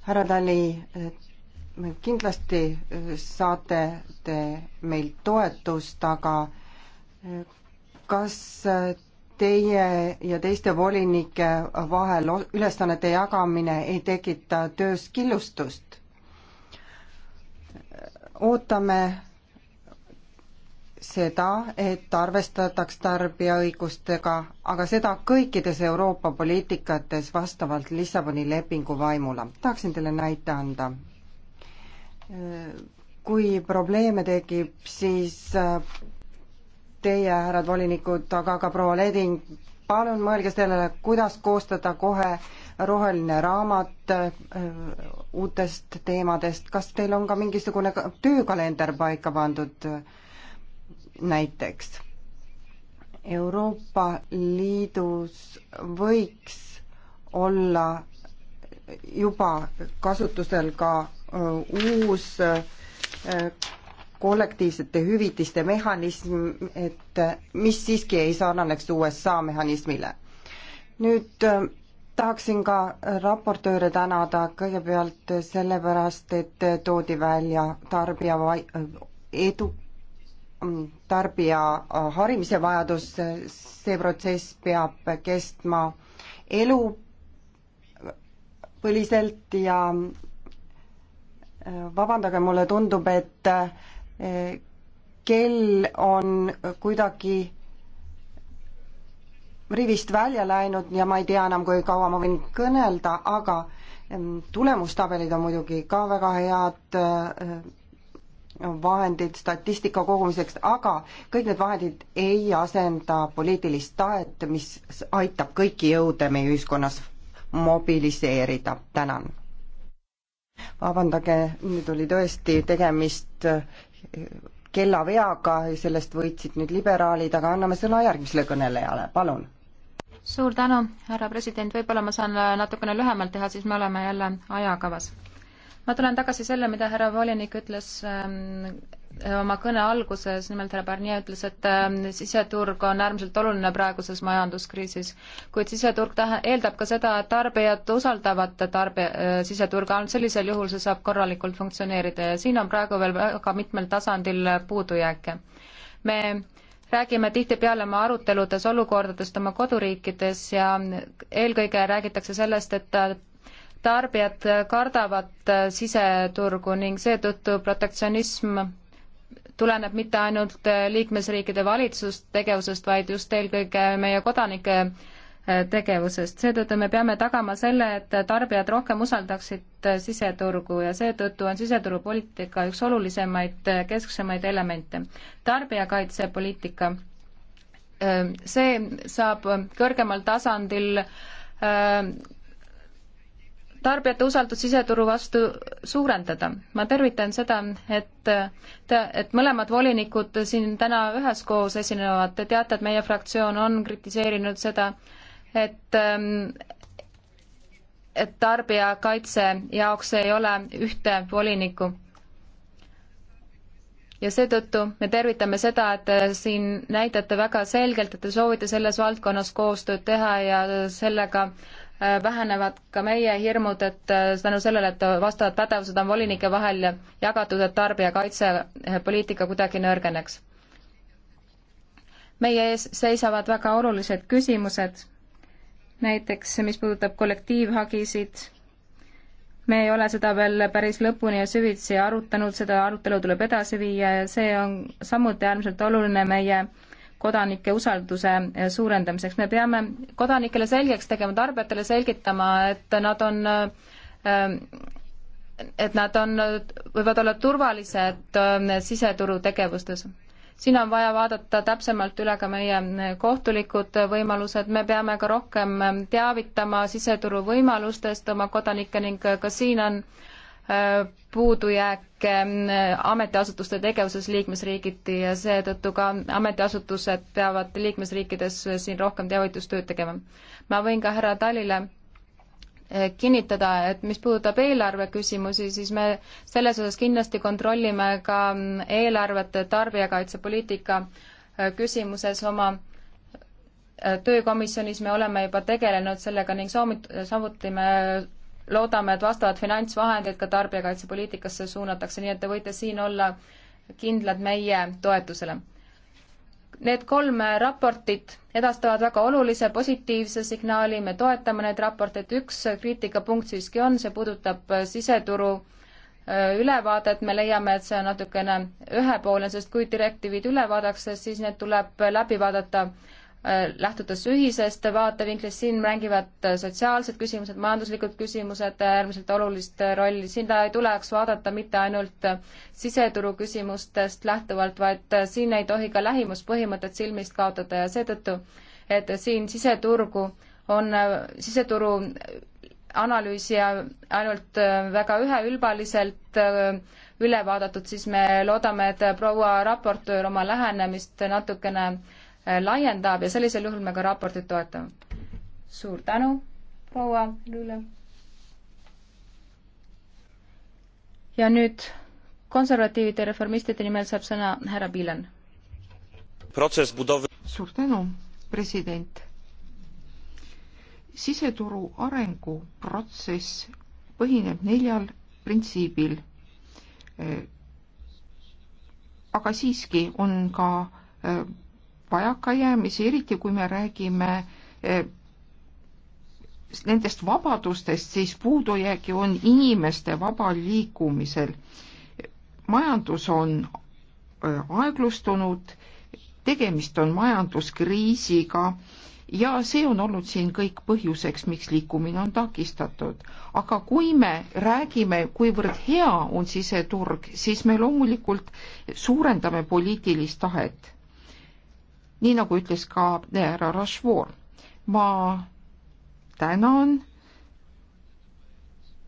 S3: härra Tali, kindlasti äh, saate te meilt toetust, aga äh, kas äh, teie ja teiste volinike vahel ülesannete jagamine ei tekita töös killustust? ootame seda, et arvestataks tarbija õigustega, aga seda kõikides Euroopa poliitikates vastavalt Lissaboni lepingu vaimule. tahaksin teile näite anda. kui probleeme tekib, siis äh, teie, härrad volinikud, aga ka proua Leding, palun mõelge sellele, kuidas koostada kohe roheline raamat äh, uutest teemadest, kas teil on ka mingisugune töökalender paika pandud äh, näiteks. Euroopa Liidus võiks olla juba kasutusel ka äh, uus äh, kollektiivsete hüvitiste mehhanism, et äh, mis siiski ei sarnaneks USA mehhanismile. nüüd tahaksin ka raportööre tänada kõigepealt sellepärast, et toodi välja tarbija edu, tarbija äh, harimise vajadus, see protsess peab kestma elupõliselt ja äh, vabandage, mulle tundub, et äh, kell on kuidagi rivist välja läinud ja ma ei tea enam, kui kaua ma võin kõnelda, aga ähm, tulemustabelid on muidugi ka väga head vahendid statistika kogumiseks, aga kõik need vahendid ei asenda poliitilist tahet, mis aitab kõiki jõude meie ühiskonnas mobiliseerida. tänan. vabandage, nüüd oli tõesti tegemist kellaveaga, sellest võitsid nüüd liberaalid, aga anname sõna järgmisele kõnelejale, palun
S2: suur tänu, härra president, võib-olla ma saan natukene lühemalt teha, siis me oleme jälle ajakavas ma tulen tagasi selle, mida härra volinik ütles ähm, äh, oma kõne alguses, nimelt härra Barnier ütles, et ähm, siseturg on äärmiselt oluline praeguses majanduskriisis, kuid siseturg tähe-, eeldab ka seda, et tarbijad usaldavad tarbija, äh, siseturga, ainult sellisel juhul see saab korralikult funktsioneerida ja siin on praegu veel väga mitmel tasandil puudujääke. me räägime tihtipeale oma aruteludes olukordadest oma koduriikides ja eelkõige räägitakse sellest, et tarbijad kardavad äh, siseturgu ning seetõttu protektsionism tuleneb mitte ainult äh, liikmesriikide valitsustegevusest, vaid just eelkõige meie kodanike äh, tegevusest. seetõttu me peame tagama selle, et tarbijad rohkem usaldaksid siseturgu ja seetõttu on siseturupoliitika üks olulisemaid, kesksemaid elemente. tarbijakaitsepoliitika, see saab kõrgemal tasandil tarbijate usaldust siseturu vastu suurendada. ma tervitan seda, et, et mõlemad volinikud siin täna üheskoos esinevad. Te teate, et meie fraktsioon on kritiseerinud seda, et et tarbijakaitse jaoks ei ole ühte volinikku. ja seetõttu me tervitame seda, et siin näitate väga selgelt, et te soovite selles valdkonnas koostööd teha ja sellega äh, Äh, vähenevad ka meie hirmud, et äh, tänu sellele, et vastavad pädevused on volinike vahel jagatud, et tarbijakaitsepoliitika äh, kuidagi nõrgeneks. meie ees seisavad väga olulised küsimused, näiteks mis puudutab kollektiivhagisid, me ei ole seda veel päris lõpuni ja süvitsi arutanud, seda arutelu tuleb edasi viia ja see on samuti äärmiselt oluline meie äh, kodanike usalduse suurendamiseks. me peame kodanikele selgeks tegema, tarbijatele selgitama, et nad on ähm, et nad on, võivad olla turvalised ähm, siseturu tegevustes. siin on vaja vaadata täpsemalt üle ka meie kohtulikud võimalused, me peame ka rohkem teavitama siseturu võimalustest oma kodanikke ning ka siin on Äh, puudujääke ähm, ametiasutuste tegevuses liikmesriigiti ja seetõttu ka ametiasutused peavad liikmesriikides äh, siin rohkem teavitustööd tegema. ma võin ka härra Talile äh, kinnitada, et mis puudutab eelarve küsimusi, siis me selles osas kindlasti kontrollime ka mm, eelarvete tarbijakaitsepoliitika küsimuses oma töökomisjonis me oleme juba tegelenud sellega ning soomit-, samuti me loodame, et vastavad finantsvahendid ka tarbijakaitsepoliitikasse suunatakse, nii et te võite siin olla kindlad meie toetusele. Need kolm raportit edastavad väga olulise positiivse signaali, me toetame neid raporteid, üks kriitikapunkt siiski on, see puudutab äh, siseturu äh, ülevaadet, me leiame, et see on natukene ühepoolne, sest kui direktiivid üle vaadatakse, siis need tuleb läbi vaadata äh, Äh, lähtudes ühisest vaatevinklist, siin mängivad sotsiaalsed küsimused, majanduslikud küsimused äärmiselt olulist rolli, sinna ei tuleks vaadata mitte ainult siseturu küsimustest lähtuvalt, vaid siin ei tohi ka lähimuspõhimõtet silmist kaotada ja seetõttu, et siin siseturgu on, siseturu analüüsija ainult väga üheülbaliselt üle vaadatud, siis me loodame, et proua raportöör oma lähenemist natukene äh, Äh, laiendab ja sellisel juhul me ka raportit toetame. suur tänu, proua Lüle. ja nüüd konservatiivide reformistide nimel saab sõna härra Pilen.
S1: suur tänu, president. siseturu arenguprotsess põhineb neljal printsiibil. Äh, aga siiski on ka äh, vajakajäämisi, eriti kui me räägime eh, nendest vabadustest, siis puudujäägi on inimeste vabal liikumisel. majandus on eh, aeglustunud, tegemist on majanduskriisiga ja see on olnud siin kõik põhjuseks, miks liikumine on takistatud. aga kui me räägime, kuivõrd hea on siseturg, siis me loomulikult suurendame poliitilist tahet nii nagu ütles ka eh, härra Rašvoor. ma tänan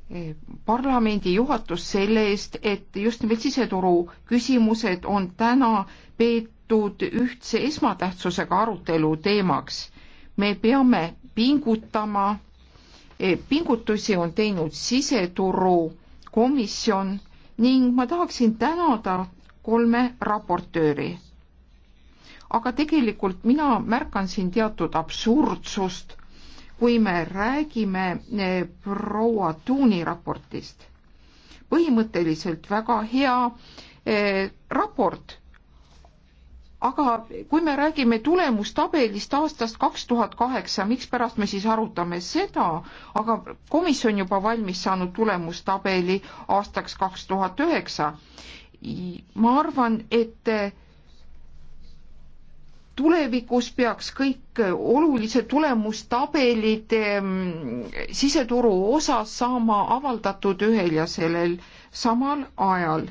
S1: eh, parlamendi juhatus selle eest, et just nimelt siseturu küsimused on täna peetud ühtse esmatähtsusega arutelu teemaks. me peame pingutama, eh, pingutusi on teinud siseturu komisjon ning ma tahaksin tänada kolme raportööri aga tegelikult mina märkan siin teatud absurdsust, kui me räägime eh, proua Tuuni raportist. põhimõtteliselt väga hea eh, raport, aga kui me räägime tulemustabelist aastast kaks tuhat kaheksa, mikspärast me siis arutame seda, aga komisjon juba valmis saanud tulemustabeli aastaks kaks tuhat üheksa. ma arvan, et eh, tulevikus peaks kõik olulised tulemustabelid ehm, siseturu osas saama avaldatud ühel ja sellel samal ajal.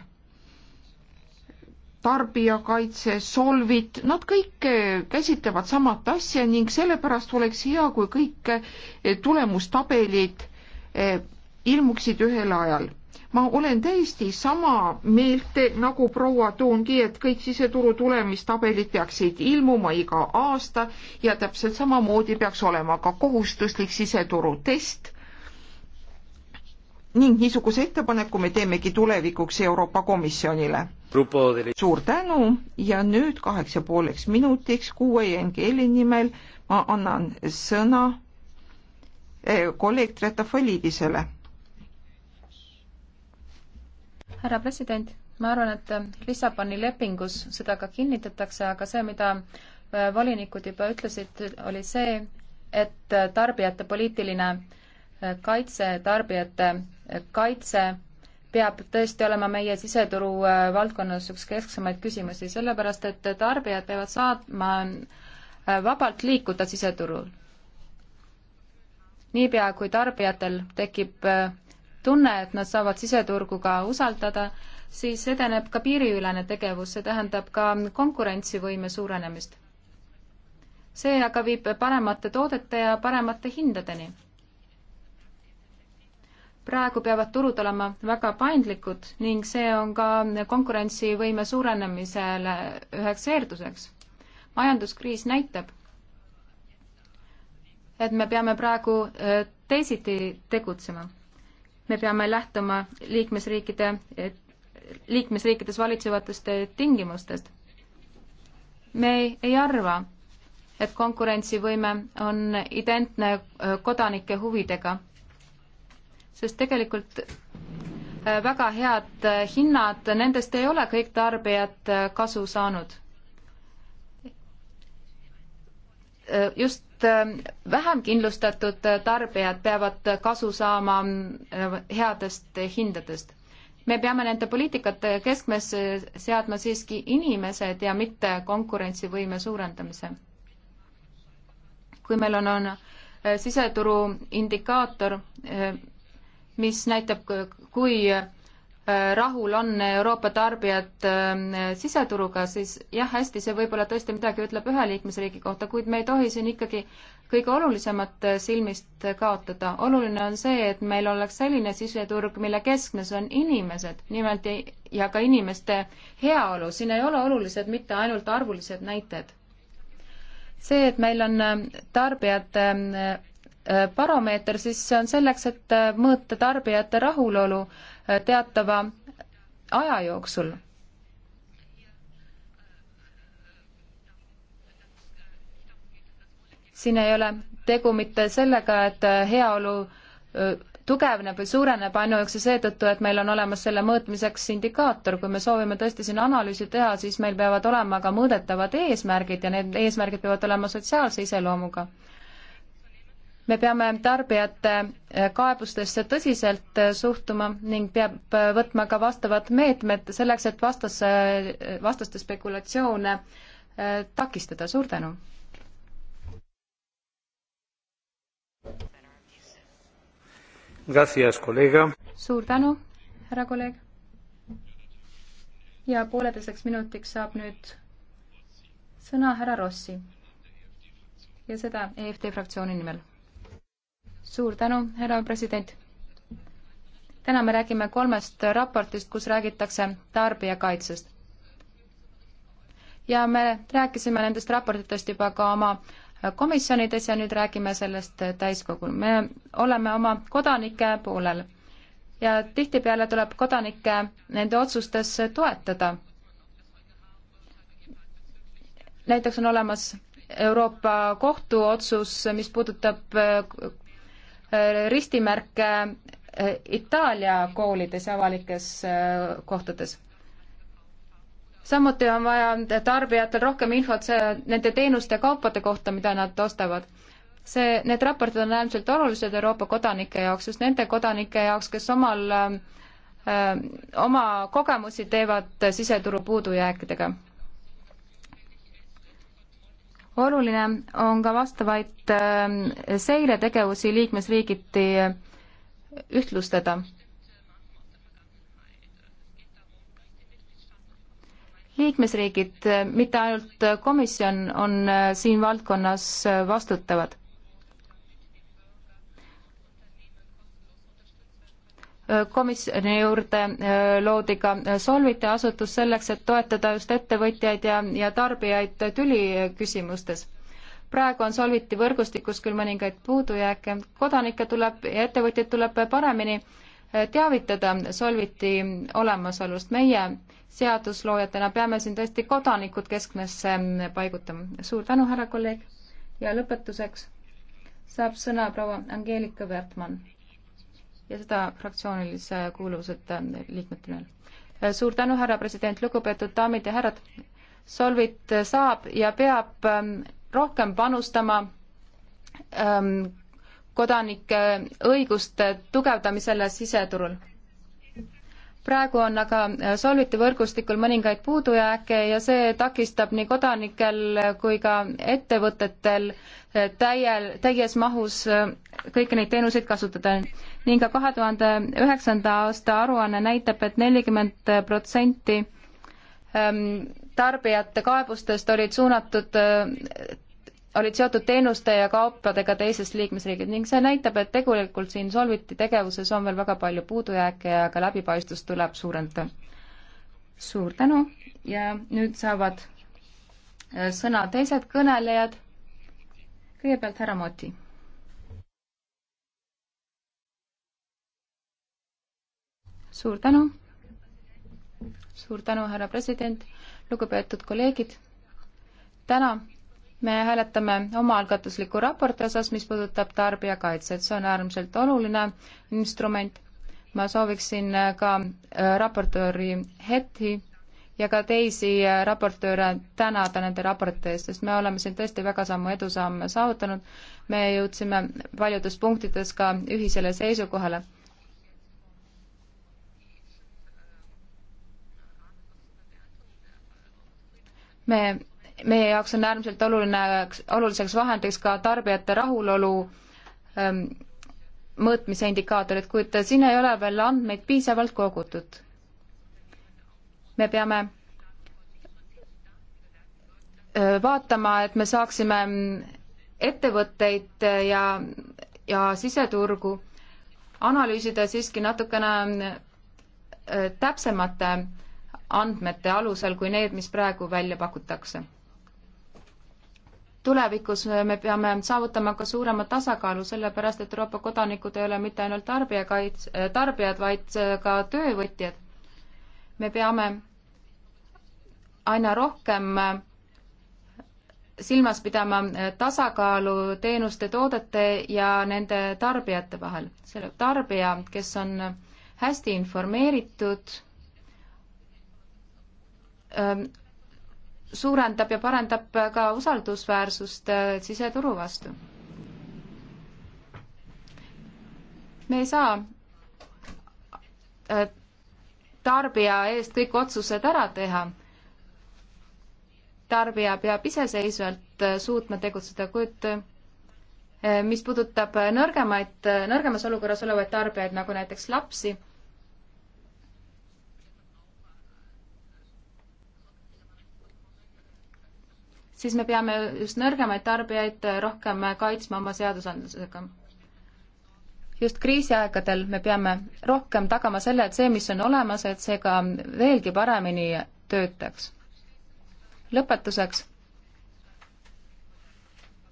S1: tarbijakaitse, solvid, nad kõik eh, käsitlevad samat asja ning sellepärast oleks hea, kui kõik eh, tulemustabelid eh, ilmuksid ühel ajal ma olen täiesti sama meelt nagu proua Toongi, et kõik siseturu tulemistabelid peaksid ilmuma iga aasta ja täpselt samamoodi peaks olema ka kohustuslik siseturu test. ning niisuguse ettepaneku me teemegi tulevikuks Euroopa Komisjonile. suur tänu ja nüüd kaheks ja pooleks minutiks kuue NGL-i nimel ma annan sõna eh, kolleeg Tretafalidisele
S2: härra president, ma arvan, et äh, Lissaboni lepingus seda ka kinnitatakse, aga see, mida äh, volinikud juba ütlesid, oli see, et äh, tarbijate poliitiline kaitse, tarbijate kaitse peab tõesti olema meie siseturu valdkonnas üks kesksemaid küsimusi, sellepärast et tarbijad peavad saama vabalt liikuda siseturul. niipea, kui tarbijatel tekib tunne, et nad saavad siseturgu ka usaldada, siis edeneb ka piiriülene tegevus, see tähendab ka konkurentsivõime suurenemist. see aga viib paremate toodete ja paremate hindadeni. praegu peavad turud olema väga paindlikud ning see on ka konkurentsivõime suurenemisele üheks eelduseks. majanduskriis näitab, et me peame praegu eh, teisiti tegutsema me peame lähtuma liikmesriikide, liikmesriikides valitsevatest tingimustest. me ei arva, et konkurentsivõime on identne äh, kodanike huvidega, sest tegelikult äh, väga head äh, hinnad, nendest ei ole kõik tarbijad kasu saanud. just et äh, vähem kindlustatud äh, tarbijad peavad kasu saama äh, headest hindadest. me peame nende poliitikate keskmesse seadma siiski inimesed ja mitte konkurentsivõime suurendamise. kui meil on, on siseturu indikaator, mis näitab, kui Äh, rahul on Euroopa tarbijad äh, siseturuga, siis jah, hästi, see võib-olla tõesti midagi ütleb ühe liikmesriigi kohta, kuid me ei tohi siin ikkagi kõige olulisemat äh, silmist kaotada. oluline on see, et meil oleks selline siseturg, mille keskmes on inimesed, nimelt ja ka inimeste heaolu, siin ei ole olulised mitte ainult arvulised näited. see, et meil on tarbijate baromeeter, siis see on selleks, et mõõta tarbijate rahulolu teatava aja jooksul. siin ei ole tegu mitte sellega, et heaolu tugevneb või suureneb ainuüksi seetõttu, et meil on olemas selle mõõtmiseks indikaator, kui me soovime tõesti siin analüüsi teha, siis meil peavad olema ka mõõdetavad eesmärgid ja need eesmärgid peavad olema sotsiaalse iseloomuga me peame tarbijate eh, kaebustesse tõsiselt eh, suhtuma ning peab eh, võtma ka vastavad meetmed selleks, et vastas, vastaste spekulatsioone takistada. suur tänu! suur tänu, härra kolleeg! ja pooleteiseks minutiks saab nüüd sõna härra Rossi ja seda EFT fraktsiooni nimel suur tänu, härra president. täna me räägime kolmest raportist, kus räägitakse tarbijakaitsest. ja me rääkisime nendest raportitest juba ka oma komisjonides ja nüüd räägime sellest täiskogul. me oleme oma kodanike poolel ja tihtipeale tuleb kodanikke nende otsustes toetada. näiteks on olemas Euroopa Kohtu otsus, mis puudutab ristimärke eh, Itaalia koolides ja avalikes eh, kohtades samuti on vaja tarbijatel rohkem infot see, nende teenuste ja kaupade kohta, mida nad ostavad. see, need raportid on äärmiselt olulised Euroopa kodanike jaoks, just nende kodanike jaoks, kes omal öö, eh, oma kogemusi teevad siseturu puudujääkidega oluline on ka vastavaid ähm, seiretegevusi liikmesriigiti äh, ühtlustada. liikmesriigid, äh, mitte ainult äh, komisjon, on siin valdkonnas vastutavad. komisjoni juurde äh, loodi ka äh, Solvite asutus selleks, et toetada just ettevõtjaid ja, ja tarbijaid tüli küsimustes. praegu on Solviti võrgustikus küll mõningaid puudujääke, kodanikke tuleb ja ettevõtjaid tuleb paremini äh, teavitada Solviti olemasolust. meie seadusloojatena peame siin tõesti kodanikud keskmesse paigutama. suur tänu, härra kolleeg, ja lõpetuseks saab sõna proua Angeelika Wertmann ja seda fraktsioonilise kuuluvuseta liikmete nimel. suur tänu, härra president, lugupeetud daamid ja härrad. Solvit saab ja peab ähm, rohkem panustama ähm, kodanike õiguste tugevdamisele siseturul praegu on aga äh, Solviti võrgustikul mõningaid puudujääke ja see takistab nii kodanikel kui ka ettevõtetel äh, täiel, täies mahus äh, kõiki neid teenuseid kasutada. ning ka kahe tuhande üheksanda aasta aruanne näitab et, et nelikümmend protsenti ähm, tarbijate kaebustest olid suunatud olid seotud teenuste ja kaupadega teisest liikmesriigid ning see näitab, et tegelikult siin Solviti tegevuses on veel väga palju puudujääke ja ka läbipaistvust tuleb suurendada. suur tänu ja nüüd saavad äh, sõna teised kõnelejad. kõigepealt härra Moti. suur tänu. suur tänu, härra president, lugupeetud kolleegid. täna me hääletame omaalgatusliku raporti osas, mis puudutab tarbijakaitset, see on äärmiselt oluline instrument. ma sooviksin ka äh, raportööri Hetti ja ka teisi äh, raportööre tänada nende raporti eest, sest me oleme siin tõesti väga sammu edusamme saavutanud. me jõudsime paljudes punktides ka ühisele seisukohale. me meie jaoks on äärmiselt oluline, oluliseks vahendiks ka tarbijate rahulolu ähm, mõõtmise indikaatorid, kuid siin ei ole veel andmeid piisavalt kogutud. me peame äh, vaatama, et me saaksime ettevõtteid ja, ja siseturgu analüüsida siiski natukene äh, täpsemate andmete alusel kui need, mis praegu välja pakutakse tulevikus me peame saavutama ka suurema tasakaalu, sellepärast et Euroopa kodanikud ei ole mitte ainult tarbijakaits-, tarbijad, vaid ka töövõtjad. me peame aina rohkem silmas pidama tasakaalu teenuste, toodete ja nende tarbijate vahel. selle tarbija, kes on hästi informeeritud, suurendab ja parendab ka usaldusväärsust äh, siseturu vastu. me ei saa äh, tarbija eest kõik otsused ära teha. tarbija peab iseseisvalt äh, suutma tegutseda, kuid mis puudutab nõrgemaid, nõrgemas olukorras olevaid tarbijaid, nagu näiteks lapsi siis me peame just nõrgemaid tarbijaid rohkem kaitsma oma seadusandlusega. just kriisiaegadel me peame rohkem tagama selle, et see, mis on olemas, et see ka veelgi paremini töötaks. lõpetuseks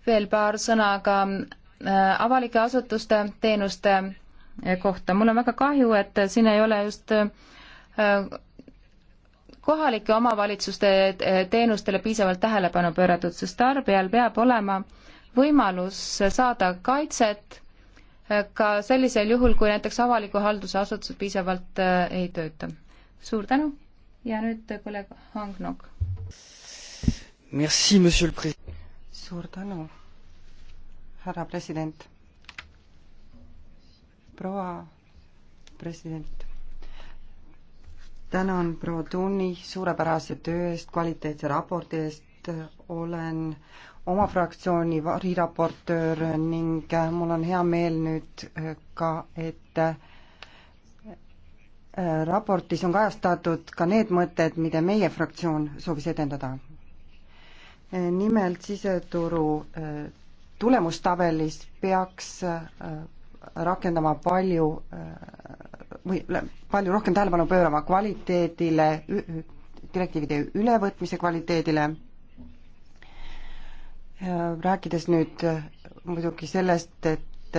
S2: veel paar sõna ka äh, avalike asutuste teenuste äh, kohta. mul on väga kahju, et siin ei ole just äh, kohalike omavalitsuste eh, teenustele piisavalt tähelepanu pööratud, sest tarbijal peab olema võimalus saada kaitset eh, ka sellisel juhul, kui näiteks avaliku halduse asutused piisavalt eh, ei tööta. suur tänu
S3: ja nüüd kolleeg Hang Nok. suur tänu, härra president. proua president tänan proua Tunni suurepärase töö eest, kvaliteetse raporti eest, olen oma fraktsiooni variraportöör ning äh, mul on hea meel nüüd äh, ka, et äh, raportis on kajastatud ka need mõtted, mida meie fraktsioon soovis edendada. nimelt siseturu tulemustabelis peaks rakendama palju või palju rohkem tähelepanu pöörama kvaliteedile, direktiivide ülevõtmise kvaliteedile, rääkides nüüd muidugi sellest, et,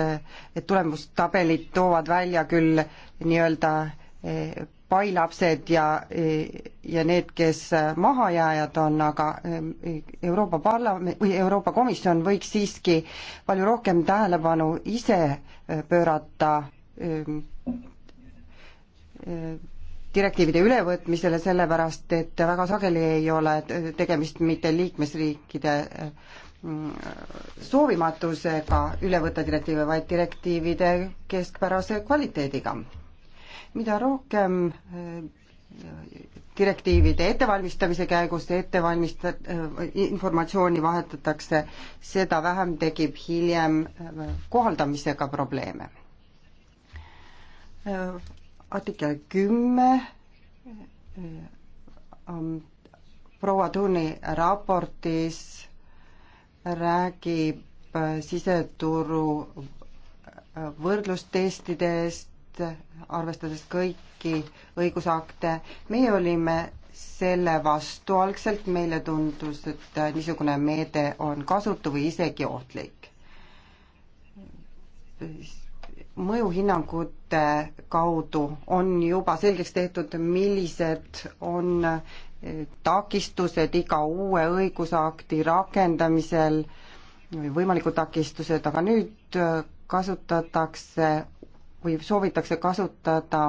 S3: et tulemustabelid toovad välja küll nii-öelda e, pailapsed ja, e, ja need, kes mahajääjad on, aga e, Euroopa Parlament või Euroopa Komisjon võiks siiski palju rohkem tähelepanu ise pöörata direktiivide ülevõtmisele, sellepärast et väga sageli ei ole tegemist mitte liikmesriikide mm, soovimatusega üle võtta direktiive, vaid direktiivide keskpärase kvaliteediga. mida rohkem eh, direktiivide ettevalmistamise käigus ettevalmista-, eh, informatsiooni vahetatakse, seda vähem tekib hiljem eh, kohaldamisega probleeme artikkel kümme
S1: äh,
S3: ähm, proua Tuuni raportis räägib äh, siseturu äh, võrdlustestidest, arvestades kõiki õigusakte. meie olime selle vastu algselt, meile tundus, et niisugune meede on kasutu või isegi ohtlik mõjuhinnangute kaudu on juba selgeks tehtud, millised on eh, takistused iga uue õigusakti rakendamisel või võimalikud takistused, aga nüüd eh, kasutatakse või soovitakse kasutada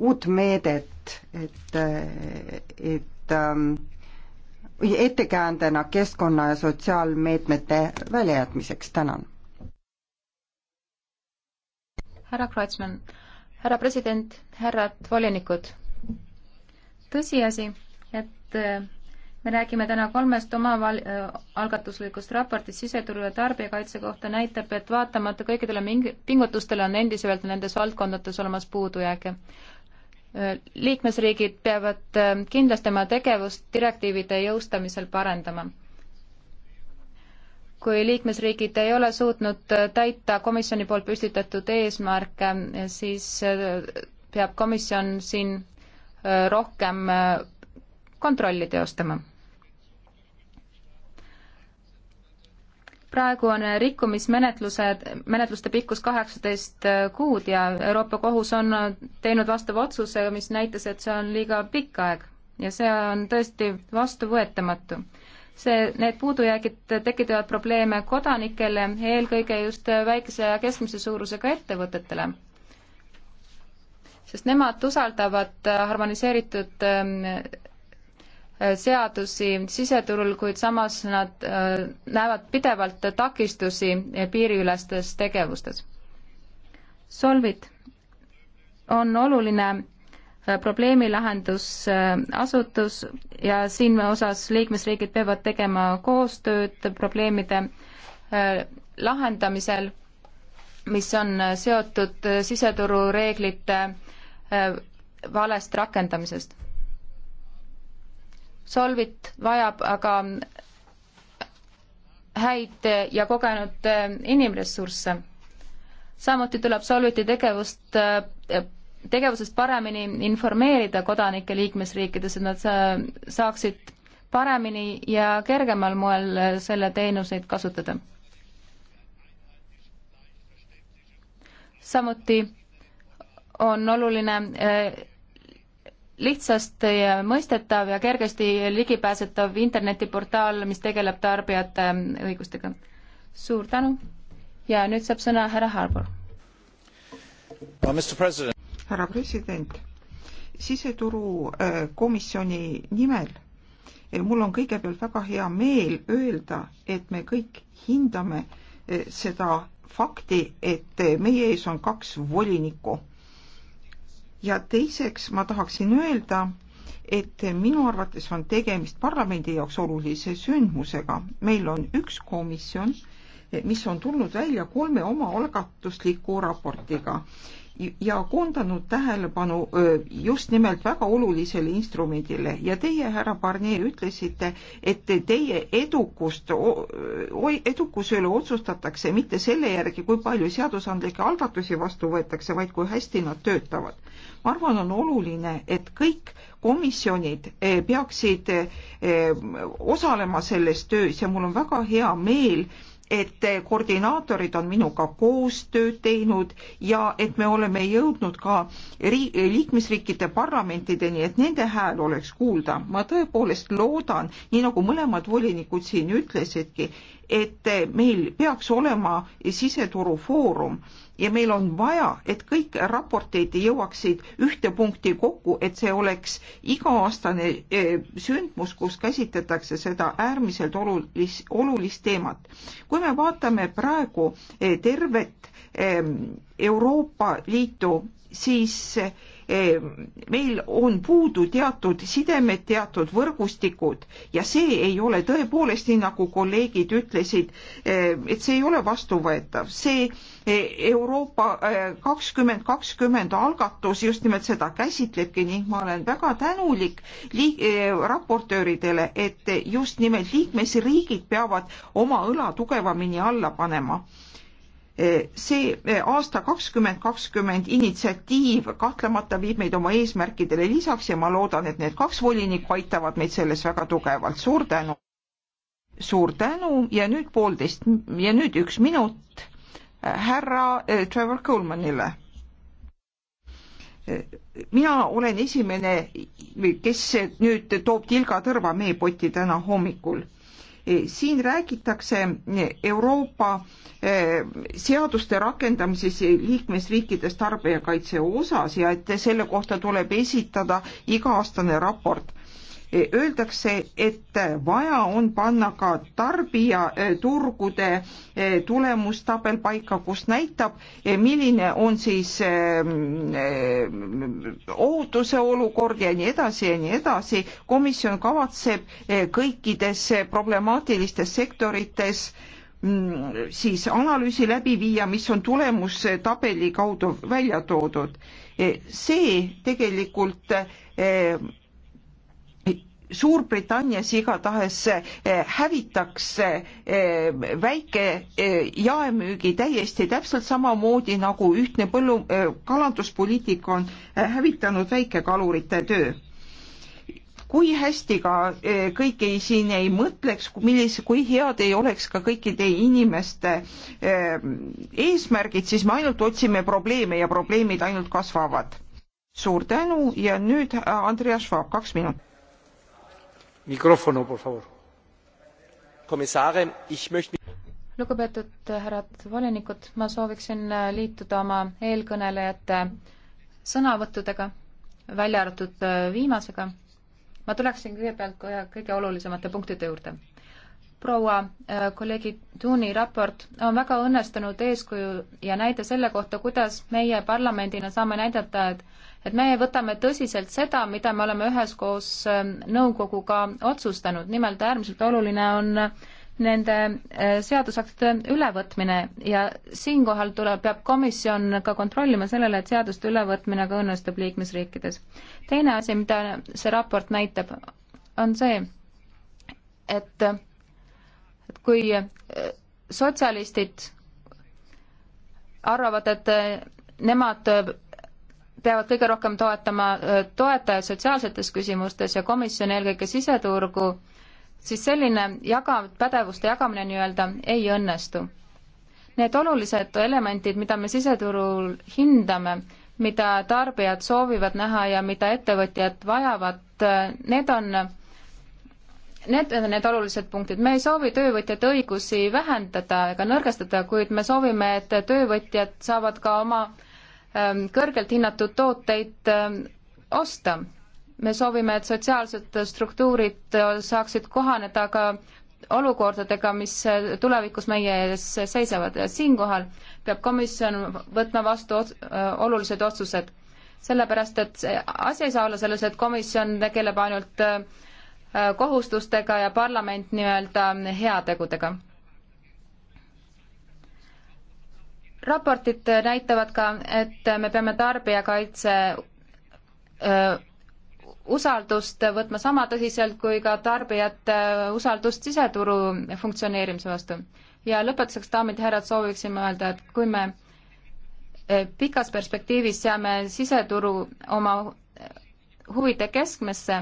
S3: uut meedet, et, eh, et, et ehm, ettekäändena keskkonna ja sotsiaalmeetmete väljajätmiseks, tänan.
S2: härra Kreutzmann, härra president, härrad volinikud. tõsiasi, et äh, me räägime täna kolmest omaval- äh,, algatuslikust raportist siseturu ja tarbijakaitse kohta näitab, et vaatamata kõikidele pingutustele on endiselt nendes valdkondades olemas puudujääke liikmesriigid peavad äh, kindlasti oma tegevust direktiivide jõustamisel parendama. kui liikmesriigid ei ole suutnud äh, täita komisjoni poolt püstitatud eesmärke, äh, siis peab komisjon siin rohkem kontrolli teostama praegu on rikkumismenetlused, menetluste pikkus kaheksateist äh, kuud ja Euroopa Kohus on äh, teinud vastava otsuse, mis näitas, et see on liiga pikk aeg ja see on tõesti vastuvõetamatu. see, need puudujäägid tekitavad probleeme kodanikele, eelkõige just äh, väikese ja keskmise suurusega ettevõtetele. sest nemad usaldavad harmoniseeritud ähm, Äh, seadusi siseturul, kuid samas nad äh, näevad pidevalt takistusi äh, piiriülestes tegevustes. Solvit on oluline probleemi lahendusasutus ja siin osas liikmesriigid peavad tegema koostööd probleemide lahendamisel, mis on seotud siseturu reeglite valest rakendamisest Solvit vajab aga häid ja kogenud äh, inimressursse. samuti tuleb Solviti tegevust, äh, tegevusest paremini informeerida kodanikke liikmesriikides, et nad äh, saaksid paremini ja kergemal moel selle teenuseid kasutada. samuti on oluline lihtsasti mõistetav ja kergesti ligipääsetav internetiportaal, mis tegeleb tarbijate ähm, õigustega. suur tänu
S1: ja nüüd saab sõna härra Harbour. härra president, siseturukomisjoni äh, nimel äh, mul on kõigepealt väga hea meel öelda, et me kõik hindame äh, seda fakti, et meie ees on kaks volinikku ja teiseks ma tahaksin öelda, et minu arvates on tegemist parlamendi jaoks olulise sündmusega. meil on üks komisjon, mis on tulnud välja kolme omaalgatusliku raportiga ja koondanud tähelepanu just nimelt väga olulisele instrumendile ja teie, härra Barnier, ütlesite, et teie edukust, edukuse üle otsustatakse mitte selle järgi, kui palju seadusandlikke algatusi vastu võetakse, vaid kui hästi nad töötavad. ma arvan, on oluline, et kõik komisjonid e, peaksid e, osalema selles töös ja mul on väga hea meel, et koordinaatorid on minuga koostööd teinud ja et me oleme jõudnud ka liikmesriikide parlamentideni, et nende hääl oleks kuulda. ma tõepoolest loodan, nii nagu mõlemad volinikud siin ütlesidki, et meil peaks olema siseturu foorum ja meil on vaja, et kõik raporteid jõuaksid ühte punkti kokku, et see oleks iga-aastane eh, sündmus, kus käsitletakse seda äärmiselt olulis-, olulist teemat. kui me vaatame praegu eh, tervet eh, Euroopa Liitu, siis Eh, meil on puudu teatud sidemed, teatud võrgustikud ja see ei ole tõepoolest nii, nagu kolleegid ütlesid, eh, et see ei ole vastuvõetav, see eh, Euroopa kakskümmend kakskümmend algatus just nimelt seda käsitlebki ning ma olen väga tänulik liik-, raportööridele, et just nimelt liikmesriigid peavad oma õla tugevamini alla panema see eh, aasta kakskümmend kakskümmend initsiatiiv kahtlemata viib meid oma eesmärkidele lisaks ja ma loodan, et need kaks volinikku aitavad meid selles väga tugevalt. suur tänu! suur tänu ja nüüd poolteist ja nüüd üks minut eh, härra eh, Trevor Colemanile mina olen esimene, kes nüüd toob tilga tõrva meepotti täna hommikul Äh, siin räägitakse äh, Euroopa äh, seaduste rakendamises liikmesriikides tarbijakaitse osas ja et selle kohta tuleb esitada iga-aastane raport Öeldakse, et vaja on panna ka tarbijaturgude eh, tulemustabel paika, kus näitab, eh, milline on siis eh, ohutuse olukord ja nii edasi ja nii edasi. komisjon kavatseb kõikides problemaatilistes sektorites mm, siis analüüsi läbi viia, mis on tulemustabeli kaudu välja toodud. see tegelikult Suurbritannias igatahes eh, hävitakse eh, väike eh, jaemüügi täiesti täpselt samamoodi nagu ühtne põllu, kalanduspoliitika on hävitanud väikekalurite töö kui hästi ka kõik ei, siin ei mõtleks, millise, kui head ei oleks ka kõikide inimeste eesmärgid, siis me ainult otsime probleeme ja probleemid ainult kasvavad. suur tänu ja nüüd Andreas Schwab, kaks minutit
S2: lugupeetud härrad volinikud, ma sooviksin liituda oma eelkõnelejate sõnavõttudega, välja arvatud äh, viimasega. ma tuleksin kõigepealt kohe kõige olulisemate punktide juurde. proua äh, kolleegi Tuuni raport on väga õnnestunud eeskuju ja näide selle kohta, kuidas meie parlamendina saame näidata, et et me võtame tõsiselt seda, mida me oleme üheskoos äh, nõukoguga otsustanud, nimelt äärmiselt oluline on nende äh, seadusaktide ülevõtmine ja siinkohal tuleb, peab komisjon ka kontrollima sellele, et seaduste ülevõtmine ka õnnestub liikmesriikides. teine asi, mida see raport näitab, on see, et, et kui äh, sotsialistid arvavad, et nemad peavad kõige rohkem toetama toetajaid sotsiaalsetes küsimustes ja komisjon eelkõige siseturgu, siis selline jaga-, pädevuste jagamine nii-öelda ei õnnestu. Need olulised elemendid, mida me siseturul hindame, mida tarbijad soovivad näha ja mida ettevõtjad vajavad, need on Need on need olulised punktid. me ei soovi töövõtjate õigusi vähendada ega nõrgestada, kuid me soovime, et töövõtjad saavad ka oma äh, Ähm, kõrgelt hinnatud tooteid ähm, osta. me soovime, et sotsiaalsed struktuurid äh, saaksid kohaneda ka olukordadega, mis äh, tulevikus meie ees seisavad ja siinkohal peab komisjon võtma vastu ots äh, olulised otsused, sellepärast et see asi ei saa olla selles, et komisjon tegeleb ainult kohustustega ja parlament nii-öelda heategudega raportid näitavad ka, et me peame tarbijakaitse usaldust võtma sama tõsiselt kui ka tarbijate usaldust siseturu funktsioneerimise vastu. ja lõpetuseks, daamid ja härrad, sooviksime öelda, et kui me pikas perspektiivis seame siseturu oma huvide keskmesse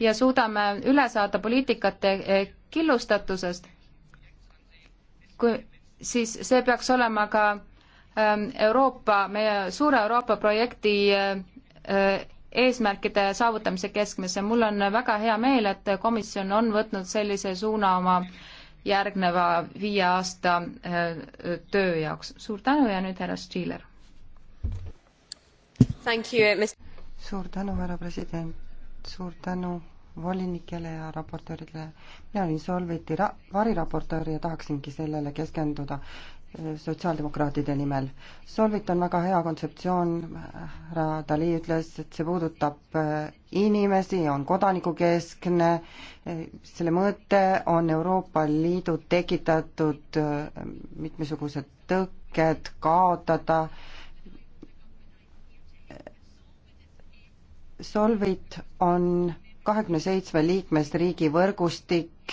S2: ja suudame üle saada poliitikate killustatusest, kui siis see peaks olema ka ähm, Euroopa, meie suure Euroopa projekti äh, eesmärkide saavutamise keskmes ja mul on väga hea meel, et komisjon on võtnud sellise suuna oma järgneva viie aasta äh, töö jaoks. suur tänu
S3: ja nüüd härra Stiiler. suur tänu, härra president, suur tänu volinikele ja raportööridele. mina olin Solviti ra-, variraportöör ja tahaksingi sellele keskenduda eh, sotsiaaldemokraatide nimel. Solvit on väga hea kontseptsioon, härra Dali ütles, et see puudutab eh, inimesi, on kodanikukeskne, eh, selle mõte on Euroopa Liidu tekitatud mitmesugused tõkked kaotada. Solvit on kahekümne seitsme liikmesriigi võrgustik,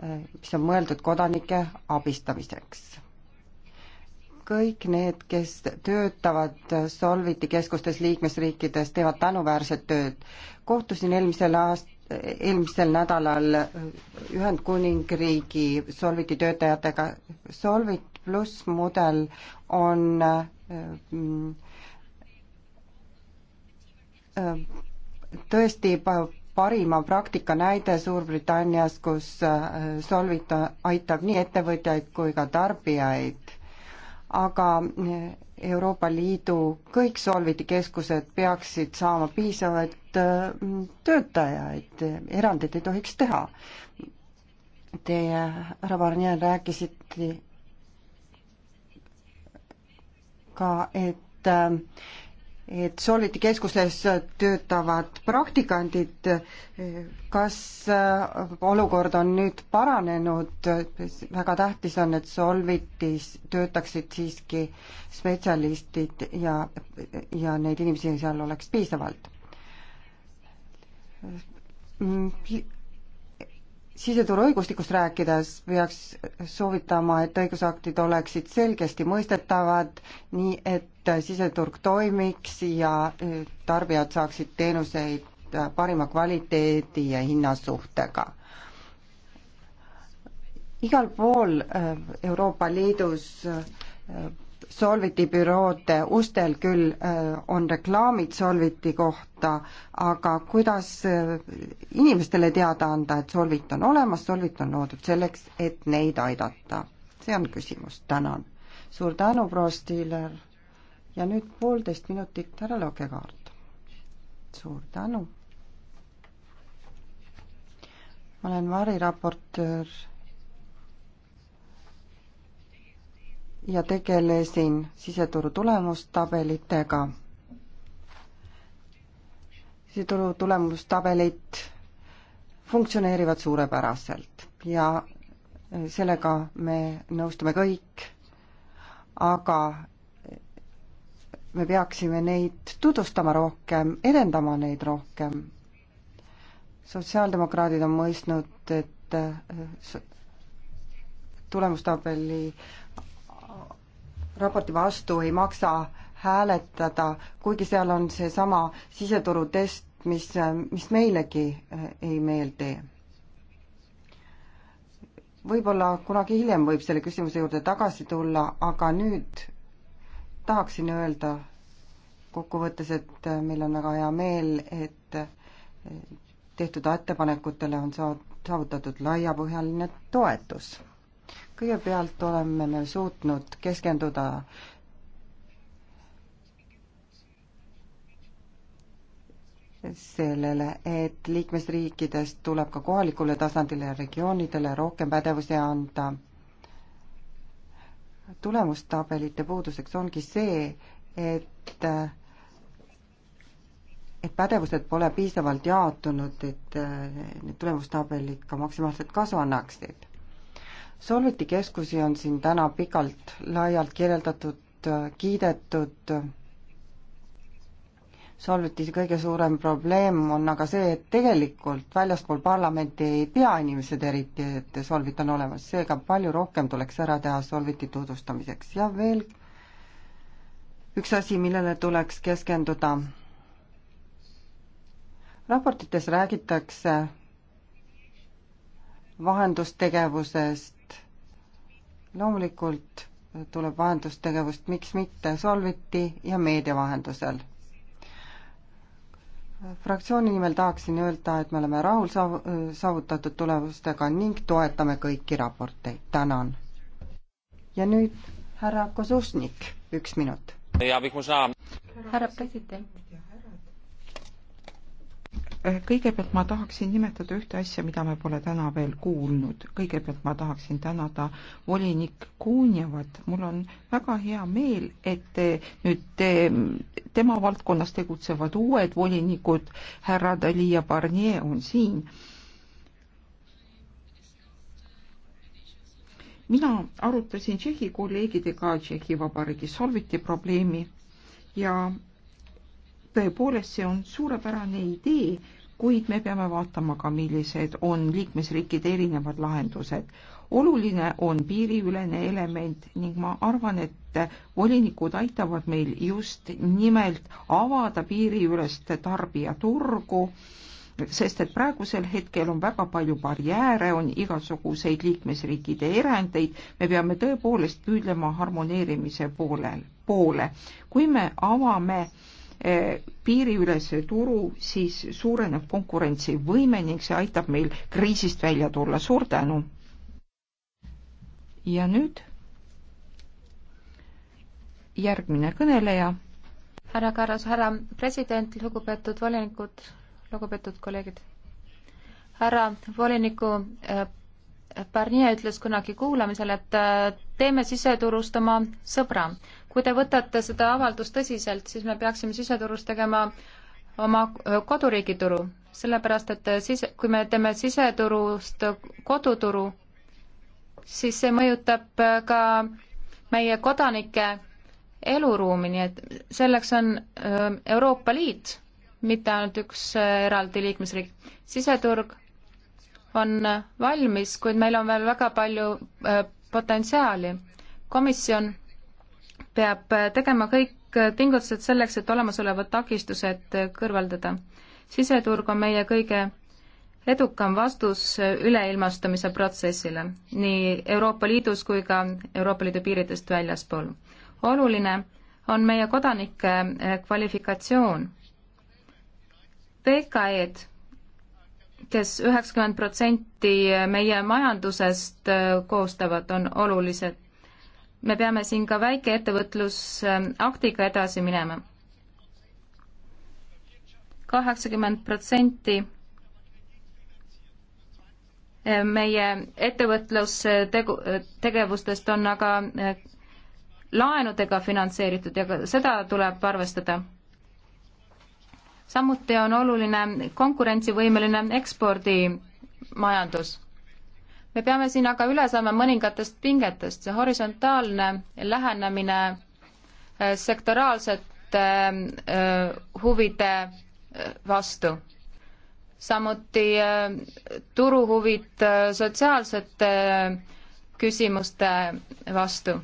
S3: eh, mis on mõeldud kodanike abistamiseks. kõik need, kes töötavad Solviti keskustes liikmesriikides, teevad tänuväärset tööd. kohtusin eelmisel aastal eelmisel nädalal Ühendkuningriigi Solviti töötajatega. Solvit pluss mudel on eh, mm, eh, tõesti parima praktika näide Suurbritannias, kus äh, Solvit aitab nii ettevõtjaid kui ka tarbijaid. aga äh, Euroopa Liidu kõik Solviti keskused peaksid saama piisavalt äh, töötajaid, erandeid ei tohiks teha. Teie, härra Barnier, rääkisite ka, et et Solviti keskuses töötavad praktikandid, kas äh, olukord on nüüd paranenud, väga tähtis on, et Solvitis töötaksid siiski spetsialistid ja, ja neid inimesi seal oleks piisavalt siseturuõigustikust rääkides peaks soovitama, et õigusaktid oleksid selgesti mõistetavad, nii et siseturg toimiks ja e, tarbijad saaksid teenuseid e, parima kvaliteedi ja hinna suhtega. igal pool e, Euroopa Liidus Solviti büroode ustel küll äh, on reklaamid Solviti kohta, aga kuidas äh, inimestele teada anda, et Solvit on olemas, Solvit on loodud selleks, et neid aidata? see on küsimus, tänan. suur tänu, proua Stiiler. ja nüüd poolteist minutit härra Lokekaart. suur tänu. ma olen variraportöör ja tegelesin siseturu tulemustabelitega. siseturu tulemustabelid funktsioneerivad suurepäraselt ja äh, sellega me nõustume kõik, aga äh, me peaksime neid tutvustama rohkem, edendama neid rohkem. sotsiaaldemokraadid on mõistnud, et äh, tulemustabeli raporti vastu ei maksa hääletada, kuigi seal on seesama siseturu test, mis, mis meilegi eh, ei meeldi. võib-olla kunagi hiljem võib selle küsimuse juurde tagasi tulla, aga nüüd tahaksin öelda kokkuvõttes, et eh, meil on väga hea meel, et eh, tehtud ettepanekutele on saad-, saavutatud laiapõhjaline toetus kõigepealt oleme me suutnud keskenduda sellele, et liikmesriikidest tuleb ka kohalikule tasandile ja regioonidele rohkem pädevusi anda. tulemustabelite puuduseks ongi see, et et pädevused pole piisavalt jaotunud, et need tulemustabelid ka maksimaalselt kasu annaksid Solviti keskusi on siin täna pikalt laialt kirjeldatud, kiidetud. Solviti kõige suurem probleem on aga see, et tegelikult väljaspool parlamenti ei tea inimesed eriti, et Solvit on olemas, seega palju rohkem tuleks ära teha Solviti tutvustamiseks ja veel üks asi, millele tuleks keskenduda. raportites räägitakse vahendustegevusest, loomulikult tuleb vahendustegevust, miks mitte, Solviti ja meedia vahendusel. fraktsiooni nimel tahaksin öelda, et me oleme rahul saav-, saavutatud tulemustega ning toetame kõiki raporteid, tänan. ja nüüd härra Kosusnik, üks minut.
S1: härra president Eh, kõigepealt ma tahaksin nimetada ühte asja, mida me pole täna veel kuulnud. kõigepealt ma tahaksin tänada volinik Kuunjevat. mul on väga hea meel, et nüüd tema valdkonnas tegutsevad uued volinikud, härra Dali ja Barnier on siin. mina arutasin Tšehhi kolleegidega Tšehhi Vabariigi solviti probleemi ja tõepoolest, see on suurepärane idee, kuid me peame vaatama ka, millised on liikmesriikide erinevad lahendused. oluline on piiriülene element ning ma arvan, et volinikud aitavad meil just nimelt avada piiriülest tarbijaturgu, sest et praegusel hetkel on väga palju barjääre, on igasuguseid liikmesriikide erandeid, me peame tõepoolest püüdlema harmoneerimise poolel, poole. kui me avame äh, piiriülese turu, siis suureneb konkurentsivõime ning see aitab meil kriisist välja tulla. suur tänu! ja nüüd järgmine kõneleja.
S2: härra Karras, härra president, lugupeetud volinikud, lugupeetud kolleegid. härra voliniku äh, Barnier ütles kunagi kuulamisel, et äh, teeme siseturust oma sõbra kui te võtate seda avaldust tõsiselt, siis me peaksime siseturust tegema oma koduriigi turu, sellepärast et sise, kui me teeme siseturust koduturu, siis see mõjutab ka meie kodanike eluruumi, nii et selleks on äh, Euroopa Liit, mitte ainult üks äh, eraldi liikmesriik. siseturg on valmis, kuid meil on veel väga palju äh, potentsiaali. komisjon peab äh, tegema kõik pingutused äh, selleks, et olemasolevad takistused äh, kõrvaldada. siseturg on meie kõige edukam vastus üleilmastumise protsessile nii Euroopa Liidus kui ka Euroopa Liidu piiridest väljaspool. oluline on meie kodanike kvalifikatsioon. VKE-d, kes üheksakümmend protsenti meie majandusest koostavad, on olulised me peame siin ka väikeettevõtlusaktiga edasi minema. kaheksakümmend protsenti meie ettevõtlustegu-, tegevustest on aga eh, laenudega finantseeritud ja ka seda tuleb arvestada. samuti on oluline konkurentsivõimeline ekspordimajandus me peame siin aga üle saama mõningatest pingetest, see horisontaalne lähenemine äh, sektoraalsete äh, huvide äh, vastu. samuti turuhuvid sotsiaalsete küsimuste vastu.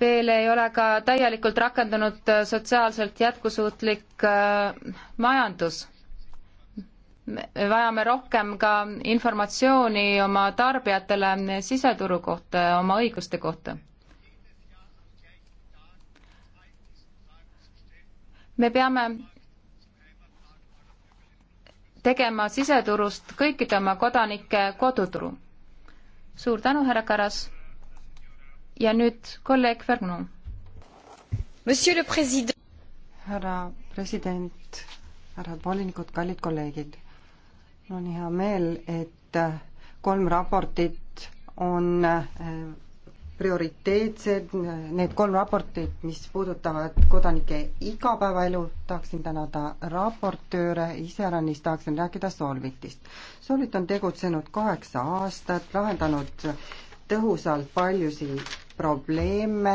S2: veel ei ole ka täielikult rakendunud sotsiaalselt jätkusuutlik majandus me vajame rohkem ka informatsiooni oma tarbijatele siseturu kohta ja oma õiguste kohta. me peame tegema siseturust kõikide oma kodanike koduturu. suur tänu, härra Karas. ja nüüd kolleeg Vernon.
S3: härra president, härrad volinikud, kallid kolleegid mul on hea meel, et kolm raportit on äh, prioriteetsed, need kolm raportit, mis puudutavad kodanike igapäevaelu, tahaksin tänada raportööre, iseäranis tahaksin rääkida Solvitist. Solvit on tegutsenud kaheksa aastat, lahendanud tõhusalt paljusid probleeme,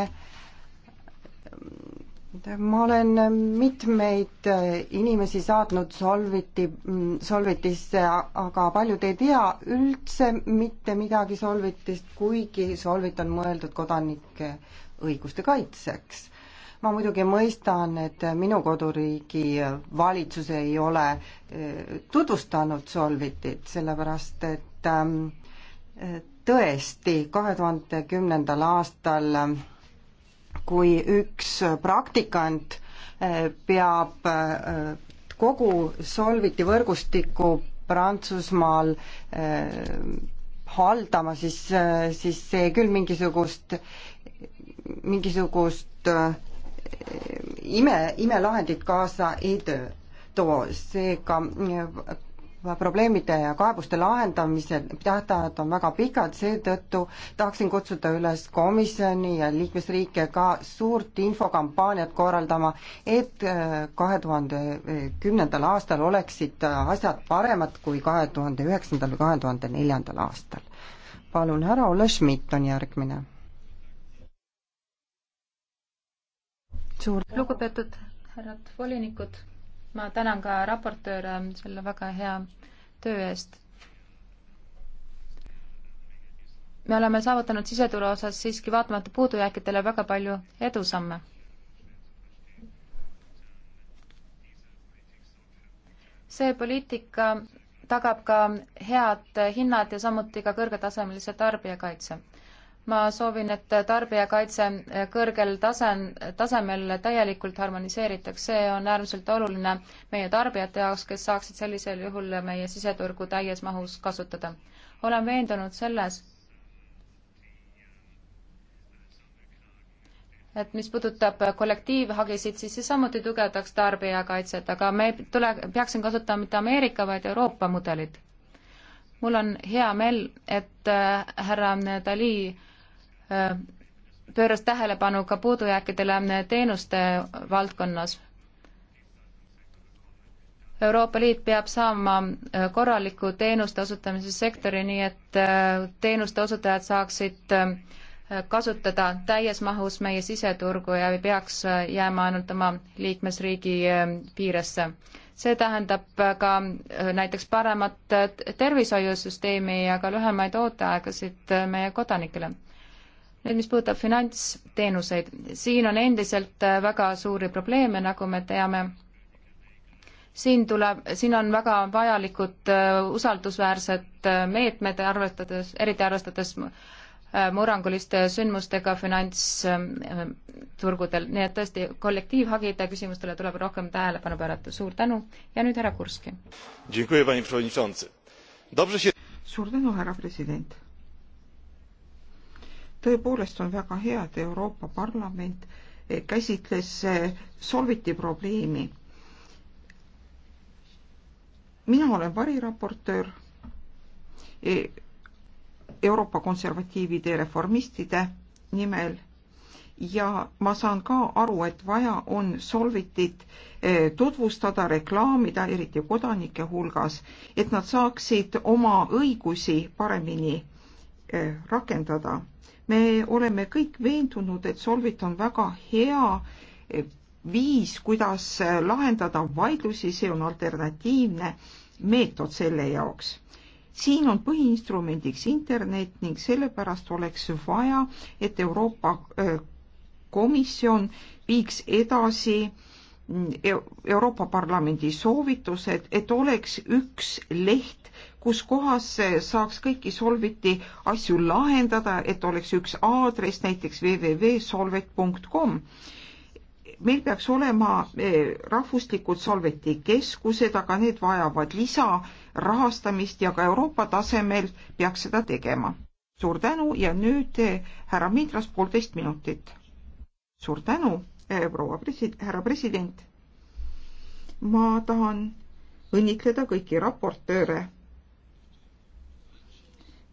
S3: ma olen mitmeid äh, inimesi saatnud Solviti, mm, Solvitisse, aga paljud ei tea üldse mitte midagi Solvitist, kuigi Solvit on mõeldud kodanike õiguste kaitseks. ma muidugi mõistan, et minu koduriigi valitsus ei ole äh, tutvustanud Solvitit, sellepärast et ähm, tõesti, kahe tuhande kümnendal aastal kui üks praktikant äh, peab äh, kogu Solviti võrgustiku Prantsusmaal äh, haldama, siis, siis see küll mingisugust, mingisugust ime, imelahendit kaasa ei töö too, seega probleemide ja kaebuste lahendamise tähtajad on väga pikad, seetõttu tahaksin kutsuda üles komisjoni ja liikmesriike ka suurt infokampaaniat korraldama, et äh, kahe tuhande äh, kümnendal aastal oleksid äh, asjad paremad kui kahe tuhande üheksandal või kahe tuhande neljandal aastal. palun, härra Olle Schmidt on järgmine. suur lugupeetud
S2: härrad volinikud ma tänan ka raportööre selle väga hea töö eest. me oleme saavutanud siseturu osas siiski vaatamata puudujääkidele väga palju edusamme. see poliitika tagab ka head hinnad ja samuti ka kõrgetasemelise tarbijakaitse ma soovin, et tarbijakaitse kõrgel tasem, tasemel täielikult harmoniseeritaks, see on äärmiselt oluline meie tarbijate jaoks, kes saaksid sellisel juhul meie siseturgu täies mahus kasutada. olen veendunud selles, et mis puudutab kollektiivhagisid, siis see samuti tugevdaks tarbijakaitset, aga me ei tule, peaks siin kasutama mitte Ameerika, vaid Euroopa mudelit. mul on hea meel, et äh, härra Dali Äh, pööras tähelepanu ka puudujääkidele teenuste valdkonnas. Euroopa Liit peab saama äh, korraliku teenuste osutamise sektori, nii et äh, teenuste osutajad saaksid kasutada täies mahus meie siseturgu ja ei peaks jääma ainult oma liikmesriigi piiresse. see tähendab ka näiteks paremat tervishoiusüsteemi ja ka lühemaid ooteaegasid meie kodanikele nüüd, mis puudutab finantsteenuseid, siin on endiselt äh, väga suuri probleeme, nagu me teame. siin tuleb, siin on väga vajalikud äh, usaldusväärsed äh, meetmed, arvestades, eriti arvestades murranguliste sündmustega finantsturgudel, nii et tõesti kollektiivhagide küsimustele tuleb rohkem tähelepanu pöörata. suur tänu ja nüüd härra Kurski.
S1: suur tänu, härra president tõepoolest on väga hea, et Euroopa Parlament eh, käsitles eh, solviti probleemi. mina olen variraportöör eh, Euroopa konservatiivide ja reformistide nimel ja ma saan ka aru, et vaja on Solvitit tutvustada, reklaamida, eriti kodanike hulgas, et nad saaksid oma õigusi paremini rakendada me oleme kõik veendunud, et Solvit on väga hea eh, viis, kuidas eh, lahendada vaidlusi, see on alternatiivne meetod selle jaoks. siin on põhiinstrumendiks internet ning sellepärast oleks vaja, et Euroopa eh, Komisjon viiks edasi mm, Euroopa Parlamendi soovitused, et oleks üks leht, kus kohas saaks kõiki Solviti asju lahendada, et oleks üks aadress, näiteks www.solvet.com. meil peaks olema eh, rahvuslikud Solveti keskused, aga need vajavad lisarahastamist ja ka Euroopa tasemel peaks seda tegema. suur tänu ja nüüd eh, härra Midras, poolteist minutit. suur tänu, eh, proua presid-, härra president. ma tahan õnnitleda kõiki raportööre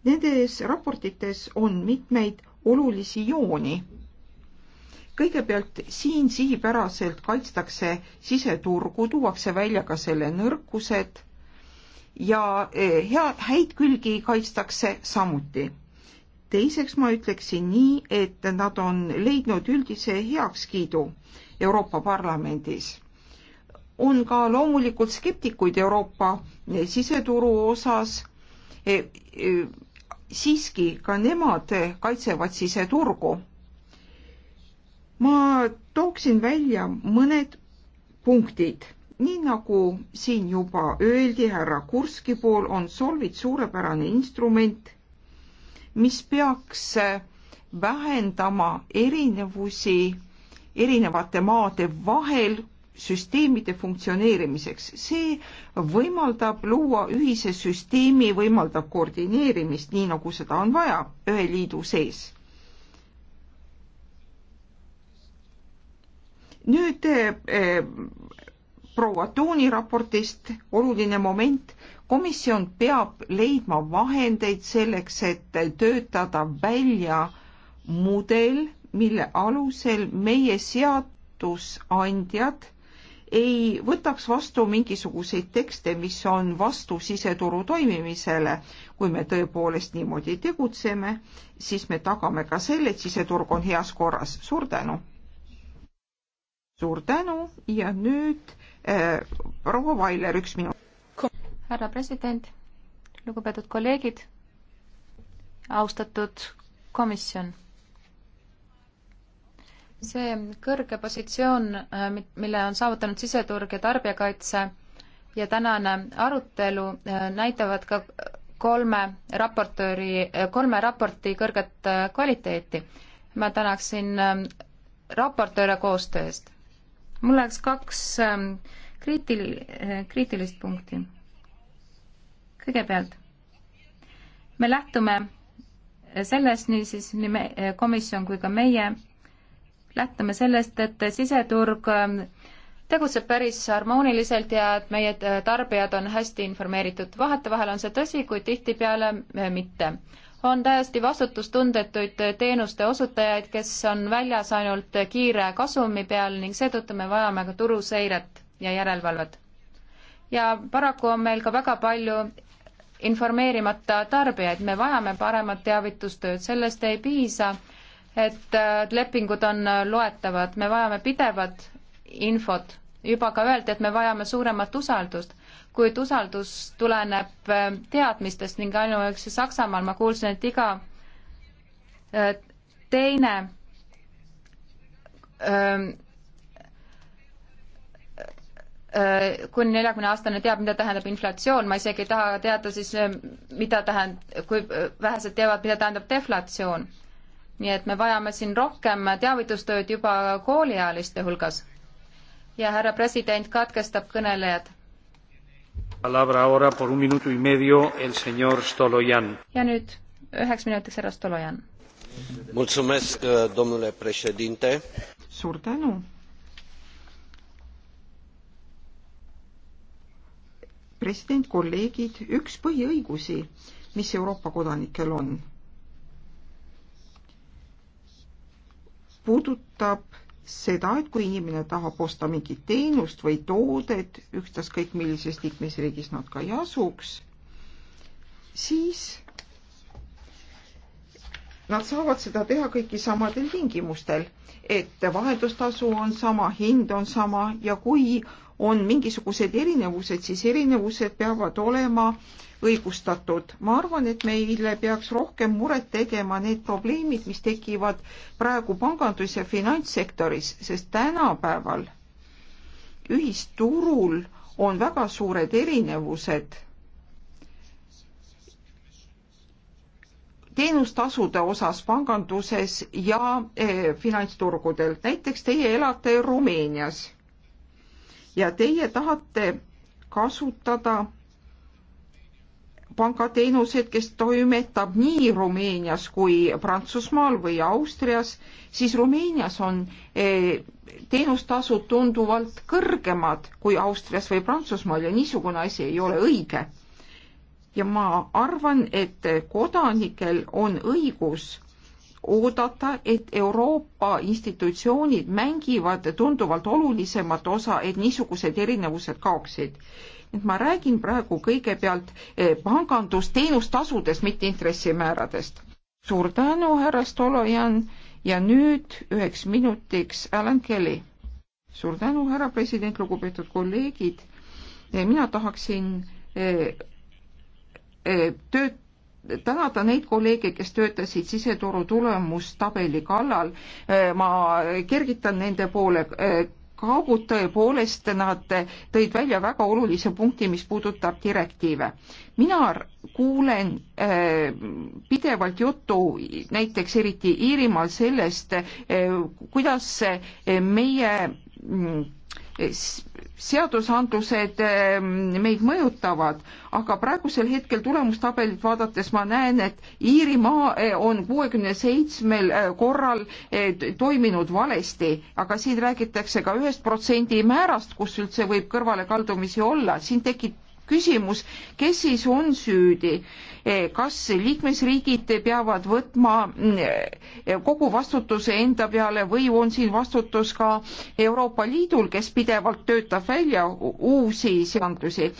S1: Nendes raportites on mitmeid olulisi jooni. kõigepealt siin sihipäraselt kaitstakse siseturgu, tuuakse välja ka selle nõrkused ja eh, hea, häid külgi kaitstakse samuti. teiseks ma ütleksin nii, et nad on leidnud üldise heakskiidu Euroopa Parlamendis on ka loomulikult skeptikuid Euroopa eh, siseturu osas eh, siiski ka nemad kaitsevad siseturgu. ma tooksin välja mõned punktid. nii nagu siin juba öeldi, härra Kurski pool on Solvit suurepärane instrument, mis peaks vähendama erinevusi erinevate maade vahel, süsteemide funktsioneerimiseks. see võimaldab luua ühise süsteemi, võimaldab koordineerimist, nii nagu seda on vaja ühe liidu sees. nüüd eh, proua Tuuni raportist oluline moment, komisjon peab leidma vahendeid selleks, et töötada välja mudel, mille alusel meie seadusandjad ei võtaks vastu mingisuguseid tekste, mis on vastu siseturu toimimisele. kui me tõepoolest niimoodi tegutseme, siis me tagame ka selle, et siseturg on heas korras. suur tänu! suur tänu ja nüüd äh, proua Vailer, üks minut. härra president,
S2: lugupeetud kolleegid, austatud komisjon see kõrge positsioon, äh, mille on saavutanud siseturg ja tarbijakaitse ja tänane arutelu äh, näitavad ka kolme raportööri, äh, kolme raporti kõrget kvaliteeti. ma tänaksin ähm, raportööre koostöö eest. mul oleks kaks ähm, kriitil-, kriitilist punkti. kõigepealt, me lähtume sellest niisiis, nii me, komisjon kui ka meie, lähtume sellest, et siseturg äh, tegutseb päris harmooniliselt ja et meie äh, tarbijad on hästi informeeritud. vahetevahel on see tõsi, kuid tihtipeale äh, mitte. on täiesti vastutustundetuid teenuste osutajaid, kes on väljas ainult kiire kasumi peal ning seetõttu me vajame ka turuseiret ja järelevalvet. ja paraku on meil ka väga palju informeerimata tarbijaid, me vajame paremat teavitustööd, sellest ei piisa et äh, lepingud on äh, loetavad, me vajame pidevat infot. juba ka öeldi, et me vajame suuremat usaldust, kuid usaldus tuleneb äh, teadmistest ning ainuüksi Saksamaal ma kuulsin, et iga teine ähm, kuni neljakümne aastane teab, mida tähendab inflatsioon, ma isegi ei taha teada siis, mida tähendab, kui vähesed teavad, mida tähendab deflatsioon nii et me vajame siin rohkem teavitustööd juba kooliealiste hulgas. ja härra president katkestab kõnelejad. ja nüüd üheks minutiks härra Stolojan.
S1: suur tänu. president, kolleegid, üks põhiõigusi, mis Euroopa kodanikel on puudutab seda, et kui inimene tahab osta mingit teenust või toodet, ükstaskõik millises liikmesriigis nad ka ei asuks, siis nad saavad seda teha kõiki samadel tingimustel, et vahetustasu on sama, hind on sama ja kui on mingisugused erinevused, siis erinevused peavad olema äh, õigustatud. ma arvan, et meile peaks rohkem muret tegema need probleemid, mis tekivad praegu pangandus- ja finantssektoris, sest tänapäeval ühisturul on väga suured erinevused teenustasude osas panganduses ja eh, finantsturgudel. näiteks teie elate Rumeenias ja teie tahate kasutada pangateenused, kes toimetab nii Rumeenias kui Prantsusmaal või Austrias, siis Rumeenias on eh, teenustasud tunduvalt kõrgemad kui Austrias või Prantsusmaal ja niisugune asi ei ole õige. ja ma arvan, et kodanikel on õigus oodata, et Euroopa institutsioonid mängivad tunduvalt olulisemat osa, et niisugused erinevused kaoksid et ma räägin praegu kõigepealt eh, pangandusteenustasudest, mitte intressimääradest. suur tänu, härra Stolojan ja nüüd üheks minutiks Alan Kelly. suur tänu, härra president, lugupeetud kolleegid. Eh, mina tahaksin eh, tööd tänada neid kolleege, kes töötasid siseturu tulemustabeli kallal. ma kergitan nende poole Kaabud tõepoolest, nad tõid välja väga olulise punkti, mis puudutab direktiive. mina kuulen äh, pidevalt juttu näiteks eriti Iirimaal sellest äh,, kuidas äh, meie mm, seadusandlused ehm, meid mõjutavad, aga praegusel hetkel tulemustabelit vaadates ma näen, et Iirimaa eh, on kuuekümne seitsmel eh, korral eh, toiminud valesti, aga siin räägitakse ka ühest protsendi määrast, kus üldse võib kõrvalekaldumisi olla, siin tekib küsimus, kes siis on süüdi, kas liikmesriigid peavad võtma eh, kogu vastutuse enda peale või on siin vastutus ka Euroopa Liidul, kes pidevalt töötab välja uusi seadusi.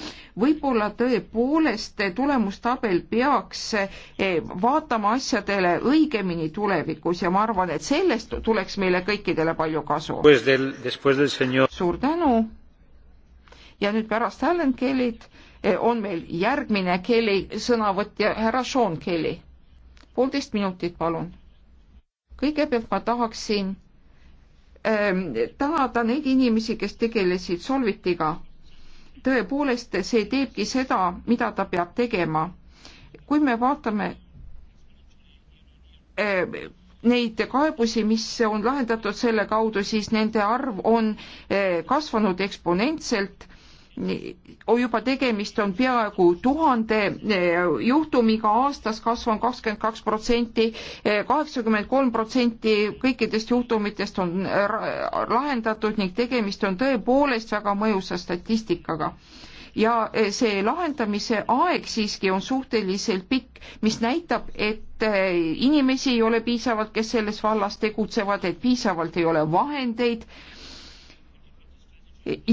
S1: võib-olla tõepoolest tulemustabel peaks eh, vaatama asjadele õigemini tulevikus ja ma arvan, et sellest tuleks meile kõikidele palju kasu. suur tänu ja nüüd pärast Helen Kellyt eh, on meil järgmine Kelly sõnavõtja, härra Sean Kelly. poolteist minutit, palun. kõigepealt ma tahaksin ähm, tänada neid inimesi, kes tegelesid Solvitiga. tõepoolest, see teebki seda, mida ta peab tegema. kui me vaatame ähm, neid kaebusi, mis on lahendatud selle kaudu, siis nende arv on eh, kasvanud eksponentselt juba tegemist on peaaegu tuhande eh, juhtumiga aastas, kasv on kakskümmend kaks protsenti, eh, kaheksakümmend kolm protsenti kõikidest juhtumitest on eh, lahendatud ning tegemist on tõepoolest väga mõjusa statistikaga ja see lahendamise aeg siiski on suhteliselt pikk, mis näitab, et inimesi ei ole piisavalt, kes selles vallas tegutsevad, et piisavalt ei ole vahendeid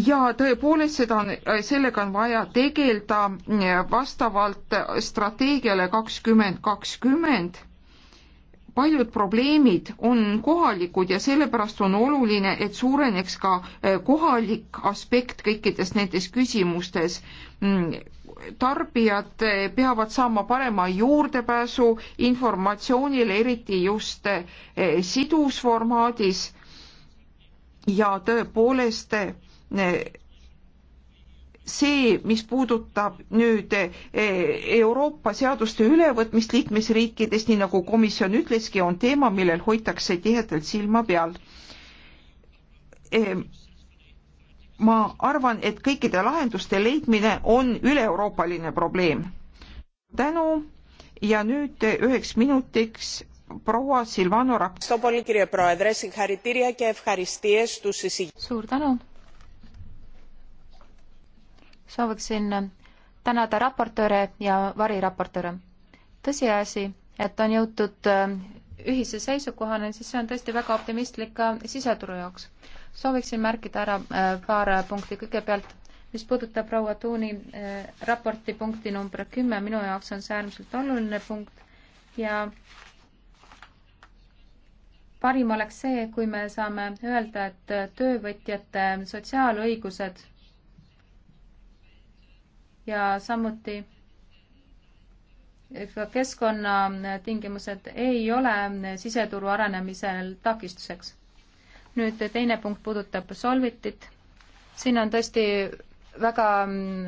S1: ja tõepoolest seda on, sellega on vaja tegeleda eh, vastavalt strateegiale kakskümmend kakskümmend. paljud probleemid on kohalikud ja sellepärast on oluline, et suureneks ka eh, kohalik aspekt kõikides nendes küsimustes. Mm, tarbijad eh, peavad saama parema juurdepääsu informatsioonile, eriti just sidusformaadis ja tõepoolest see, mis puudutab nüüd eh, Euroopa seaduste ülevõtmist liikmesriikidest, nii nagu komisjon ütleski, on teema, millel hoitakse tihedalt silma peal ma arvan, et kõikide lahenduste leidmine on üle-euroopaline probleem. tänu ja nüüd üheks minutiks proua Silvano Rapp. suur tänu,
S2: sooviksin tänada raportööre ja variraportööre. tõsiasi, et on jõutud äh, ühise seisukohani, siis see on tõesti väga optimistlik ka siseturu jaoks. sooviksin märkida ära äh, paar punkti kõigepealt, mis puudutab proua Tuuni äh, raporti punkti number kümme, minu jaoks on see äärmiselt oluline punkt ja parim oleks see, kui me saame öelda, et töövõtjate sotsiaalõigused ja samuti ka keskkonnatingimused ei ole siseturu arenemisel takistuseks. nüüd teine punkt puudutab solvitit. siin on tõesti väga mm,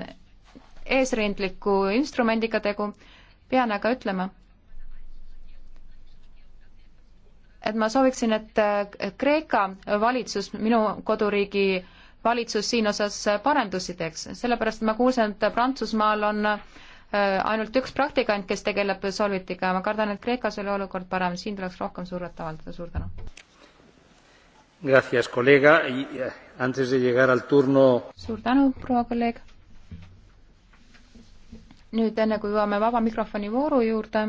S2: eesrindliku instrumendiga tegu, pean aga ütlema, et ma sooviksin, et Kreeka valitsus, minu koduriigi äh, valitsus siin osas parendusi teeks, sellepärast ma kuulsin, et Prantsusmaal on äh, ainult üks praktikant, kes tegeleb solvitiga ja ma kardan, et Kreekas oli olukord parem, siin tuleks rohkem survet avaldada, suur tänu.
S1: Gracias, kolleega, eh, antes de llegar al turno.
S2: suur tänu, proua kolleeg. nüüd enne, kui jõuame vaba mikrofoni vooru juurde,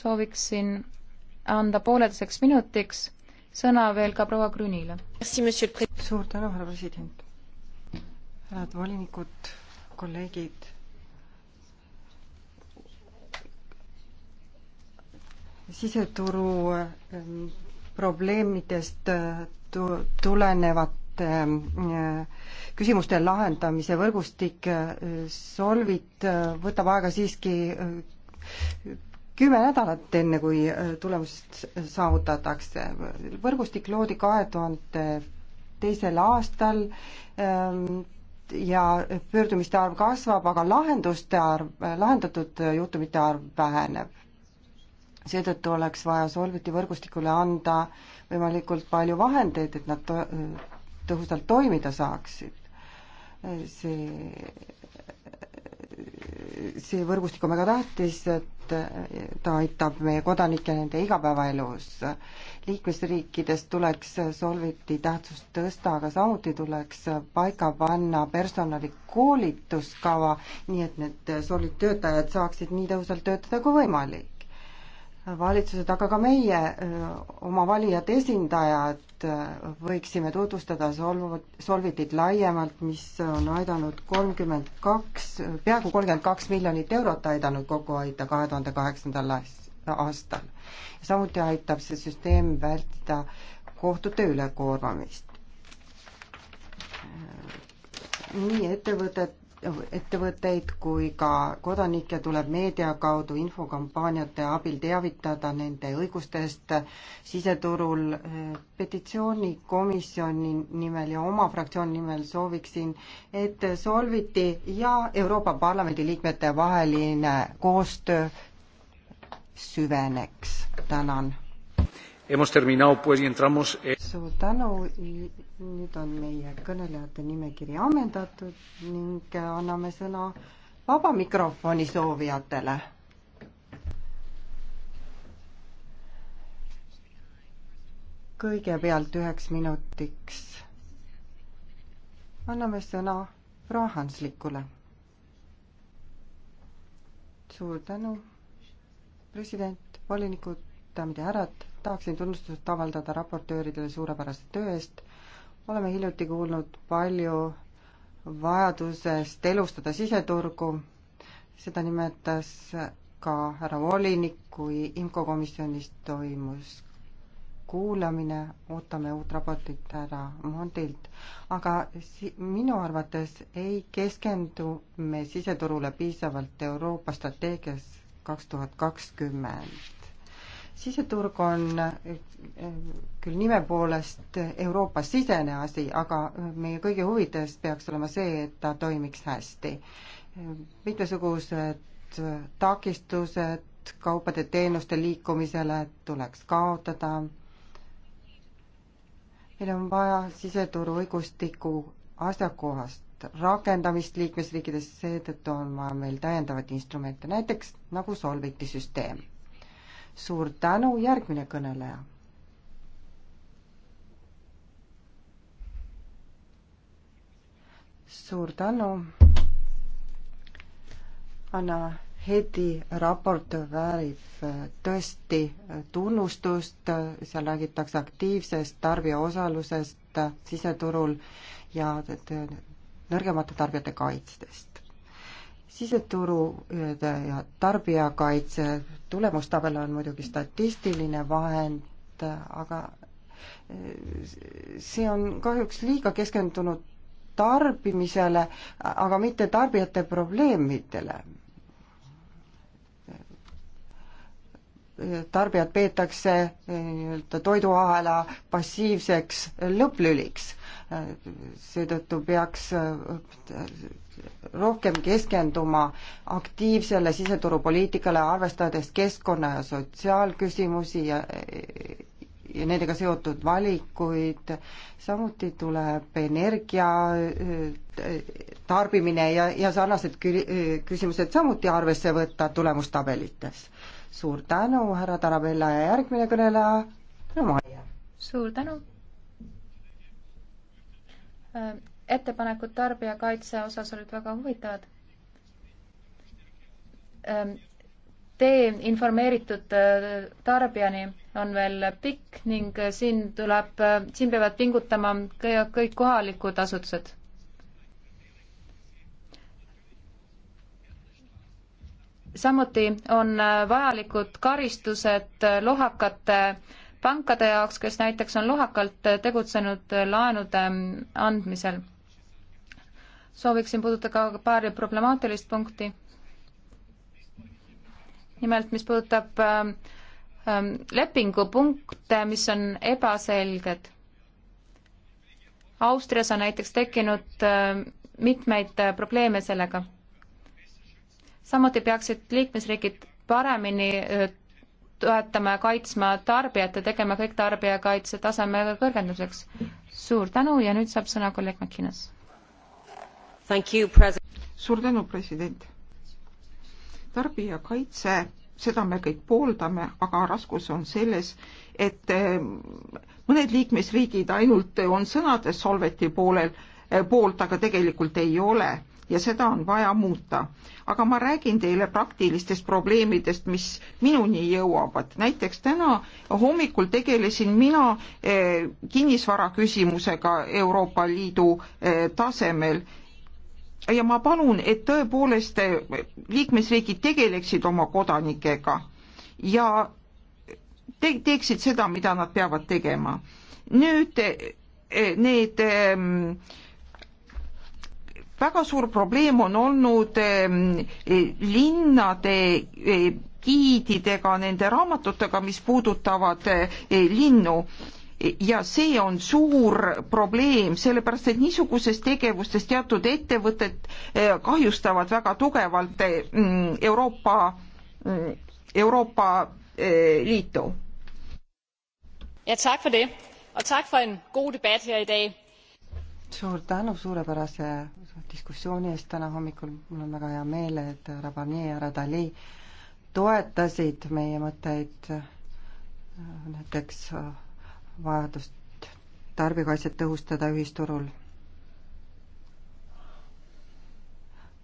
S2: sooviksin anda pooleteiseks minutiks sõna veel ka proua Grünile. suur
S3: tänu, härra president. head volinikud, kolleegid. siseturu ähm, probleemidest äh, tulenevate äh, küsimuste lahendamise võrgustik äh, Solvit võtab aega siiski kümme nädalat, enne kui äh, tulemused saavutatakse. võrgustik loodi kahe tuhande teisel aastal ähm, ja pöördumiste arv kasvab, aga lahenduste arv, äh, lahendatud juhtumite arv väheneb. seetõttu oleks vaja Solviti võrgustikule anda võimalikult palju vahendeid, et nad tõhusalt toimida saaksid. Äh, see see võrgustik on väga tähtis, et ta aitab meie kodanikke nende igapäevaelus. liikmesriikides tuleks Solviti tähtsust tõsta, aga samuti tuleks paika panna personali koolituskava, nii et need Solvit töötajad saaksid nii tõhusalt töötada kui võimalik valitsused, aga ka meie, oma valijate esindajad, võiksime tutvustada solvuvat, Solvitit laiemalt, mis on aidanud kolmkümmend kaks, peaaegu kolmkümmend kaks miljonit eurot aidanud kokku hoida kahe tuhande kaheksandal aastal. samuti aitab see süsteem vältida kohtute ülekoormamist. nii ettevõtete ettevõtteid kui ka kodanikke tuleb meedia kaudu infokampaaniate abil teavitada nende õigustest siseturul. petitsioonikomisjoni nimel ja oma fraktsiooni nimel sooviksin, et Solviti ja Euroopa Parlamendi liikmete vaheline koostöö süveneks. tänan
S1: Hemos terminado pues y entramos suur
S3: tänu, nüüd on meie kõnelejate nimekiri ammendatud ning anname sõna vaba mikrofoni soovijatele. kõigepealt üheks minutiks anname sõna proua Hanslikule. suur tänu, president, volinikud daamid ja härrad, tahaksin tunnustust avaldada raportööridele suurepärase töö eest. oleme hiljuti kuulnud palju vajadusest elustada siseturgu, seda nimetas ka härra volinik, kui IMCO komisjonis toimus kuulamine, ootame uut raportit härra Mondilt. aga si-, minu arvates ei keskendu me siseturule piisavalt Euroopa strateegias kaks tuhat kakskümmend siseturg on eh, küll nime poolest Euroopa sisene asi, aga eh, meie kõigi huvides peaks olema see, et ta toimiks hästi. mitmesugused takistused kaupade-teenuste liikumisele tuleks kaotada. meil on vaja siseturu õigustiku asjakohast rakendamist liikmesriikides, seetõttu on vaja meil täiendavaid instrumente, näiteks nagu solviti süsteem suur tänu, järgmine kõneleja. suur tänu. Anna Hedi raport väärib tõesti tunnustust, seal räägitakse aktiivsest tarbija osalusest siseturul ja nõrgemate tarbijate kaitstest siseturu ja tarbijakaitse tulemustabel on muidugi statistiline vahend, aga eh, see on kahjuks liiga keskendunud tarbimisele, aga mitte tarbijate probleemidele. tarbijad peetakse eh, nii-öelda toiduahela passiivseks lõpplüliks. Eh, seetõttu peaks rohkem keskenduma aktiivsele siseturupoliitikale, arvestades keskkonna ja sotsiaalküsimusi ja ja nendega seotud valikuid, samuti tuleb energia äh, tarbimine ja, ja sarnased äh, küsimused samuti arvesse võtta tulemustabelites. suur tänu, härra Tarabella ja järgmine kõneleja, härra Maia.
S2: suur tänu äh, ettepanekud tarbijakaitse osas olid väga huvitavad. Ehm, tee informeeritud äh, tarbijani on veel pikk ning äh, siin tuleb, äh, siin peavad pingutama kõik kohalikud asutused. samuti on vajalikud karistused lohakate pankade jaoks, kes näiteks on lohakalt tegutsenud laenude mm, andmisel sooviksin puudutada ka paari problemaatilist punkti. nimelt, mis puudutab ähm, ähm lepingupunkte, mis on ebaselged. Austrias on näiteks tekkinud äh, mitmeid äh, probleeme sellega. samuti peaksid liikmesriigid paremini äh, toetama ja kaitsma tarbijat ja tegema kõik tarbijakaitse taseme kõrgendamiseks. suur tänu ja nüüd saab sõna
S1: kolleeg Makinas suur tänu, president. tarbijakaitse, seda me kõik pooldame, aga raskus on selles, et ehm, mõned liikmesriigid ainult on sõnades Solveti poolel, eh, poolt, aga tegelikult ei ole ja seda on vaja muuta. aga ma räägin teile praktilistest probleemidest, mis minuni jõuavad. näiteks täna hommikul tegelesin mina eh, kinnisvara küsimusega Euroopa Liidu eh, tasemel ja ma palun, et tõepoolest liikmesriigid tegeleksid oma kodanikega ja te teeksid seda, mida nad peavad tegema. nüüd eh, need ehm, väga suur probleem on olnud ehm, linnade eh, giididega, nende raamatutega, mis puudutavad eh, linnu ja see on suur probleem, sellepärast et niisuguses tegevustes teatud ettevõtted eh, kahjustavad väga tugevalt mm, Euroopa, mm, Euroopa eh, Liitu.
S2: ja tak for det og tak for en god debatt her i dag.
S3: suur tänu suurepärase diskussiooni eest täna hommikul, mul on väga hea meel, et härra Barnier ja härra Dali toetasid meie mõtteid näiteks vajadust tarbijakaitset tõhustada ühisturul.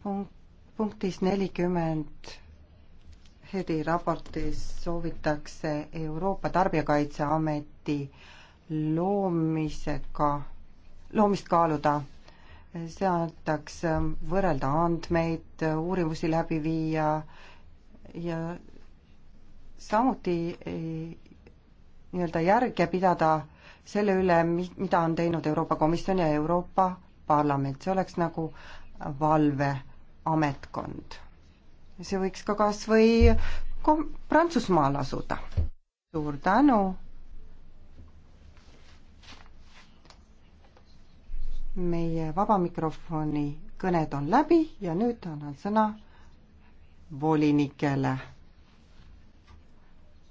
S3: punkt, punktis nelikümmend Hedi raportis soovitakse Euroopa Tarbijakaitseameti loomisega, loomist kaaluda see antaks võrrelda andmeid, uurimusi läbi viia ja samuti ei, nii-öelda järge pidada selle üle, mida on teinud Euroopa Komisjon ja Euroopa Parlament, see oleks nagu valveametkond. see võiks ka kas või kom-, Prantsusmaal asuda. suur tänu! meie vaba mikrofoni kõned on läbi ja nüüd annan sõna volinikele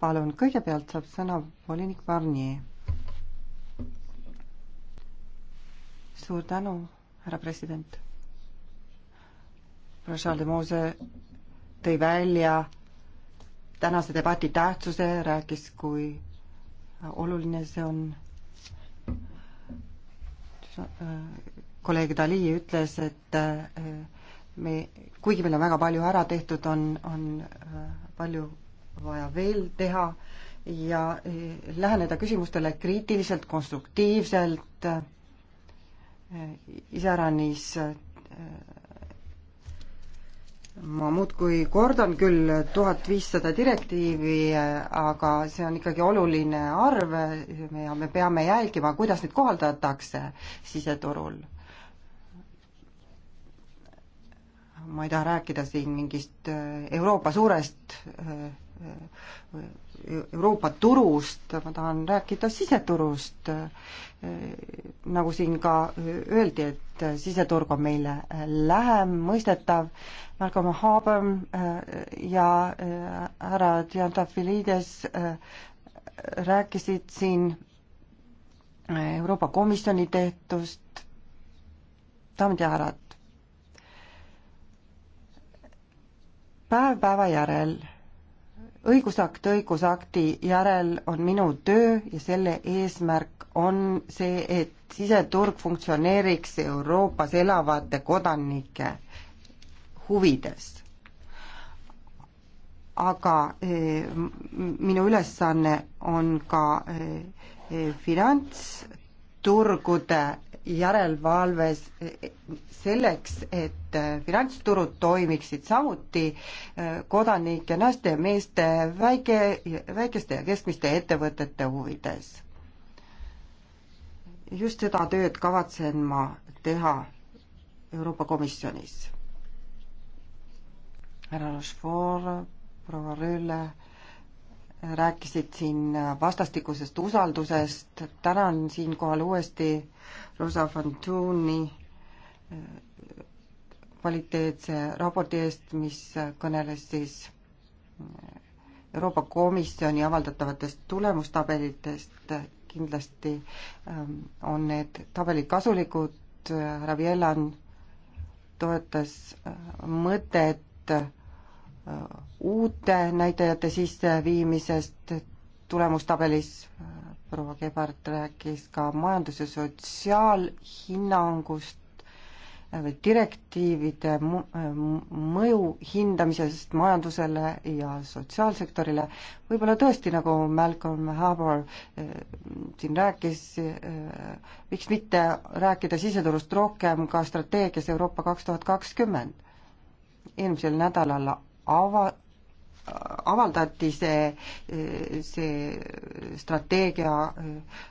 S3: palun, kõigepealt saab sõna volinik Varni. suur tänu, härra president. Charles de Mose tõi välja tänase debati tähtsuse, rääkis, kui oluline see on. kolleeg Dali ütles, et eh, me, kuigi meil on väga palju ära tehtud, on, on eh, palju vaja veel teha ja eh, läheneda küsimustele kriitiliselt, konstruktiivselt, eh, iseäranis eh, ma muudkui kordan küll tuhat viissada direktiivi, aga see on ikkagi oluline arv ja me peame jälgima, kuidas neid kohaldatakse siseturul. ma ei taha rääkida siin mingist Euroopa suurest Euroopa turust, ma tahan rääkida siseturust. nagu siin ka öeldi, et siseturg on meile lähem, mõistetav, Malcolm Harbour äh, ja äh, härra Diantafilides äh, rääkisid siin Euroopa Komisjoni tehtust, daamid ja härrad, päev päeva järel õigusakt õigusakti järel on minu töö ja selle eesmärk on see, et siseturg funktsioneeriks Euroopas elavate kodanike huvides. aga eh, minu ülesanne on ka eh, eh, finantsturgude järelevalves selleks, et finantsturud toimiksid samuti kodanike, naiste ja meeste, väike, väikeste ja keskmiste ettevõtete huvides. just seda tööd kavatsen ma teha Euroopa Komisjonis. härra Rochefort, proua Rööle rääkisid siin vastastikusest usaldusest, tänan siinkohal uuesti Rosa Fantuni äh, kvaliteetse raporti eest, mis kõneles siis äh, Euroopa Komisjoni avaldatavatest tulemustabelitest, kindlasti ähm, on need tabelid kasulikud, härra äh, Vielan toetas mõtet Äh, uute näitajate sisseviimisest tulemustabelis. proua Kebart rääkis ka majandus- ja sotsiaalhinnangust, äh, või direktiivide äh, mõju hindamisest majandusele ja sotsiaalsektorile. võib-olla tõesti, nagu Malcolm Harbour siin rääkis, miks mitte rääkida siseturust rohkem ka strateegias Euroopa kaks tuhat kakskümmend. eelmisel nädalal ava-, avaldati see, see strateegia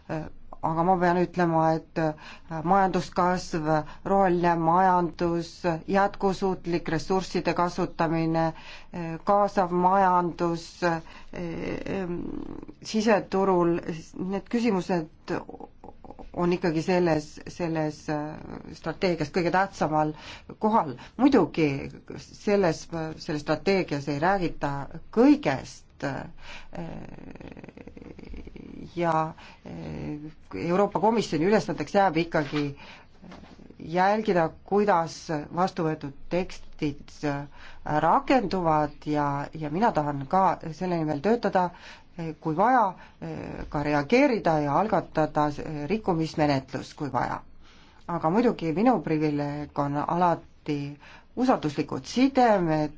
S3: äh, aga ma pean ütlema, et äh, majanduskasv, roheline majandus, jätkusuutlik ressursside kasutamine, äh, kaasav majandus, äh, siseturul, need küsimused on ikkagi selles, selles strateegias kõige tähtsamal kohal. muidugi selles, selles strateegias ei räägita kõigest, Eh, ja eh, Euroopa Komisjoni ülesandeks jääb ikkagi eh, jälgida, kuidas vastu võetud tekstid rakenduvad ja, ja mina tahan ka selle nimel töötada, kui vaja, ka reageerida ja algatada rikkumismenetlus, kui vaja. aga muidugi minu privileeg on alati usalduslikud sidemed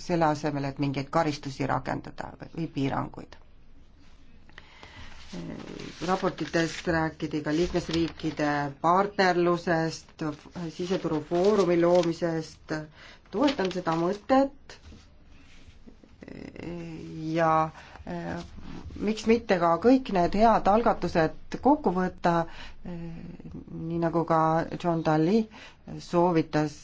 S3: selle asemel, et mingeid karistusi rakendada või piiranguid. raportitest rääkida ka liikmesriikide partnerlusest, siseturufoorumi loomisest, toetan seda mõtet ja eh, miks mitte ka kõik need head algatused kokku võtta, eh, nii nagu ka John Daly soovitas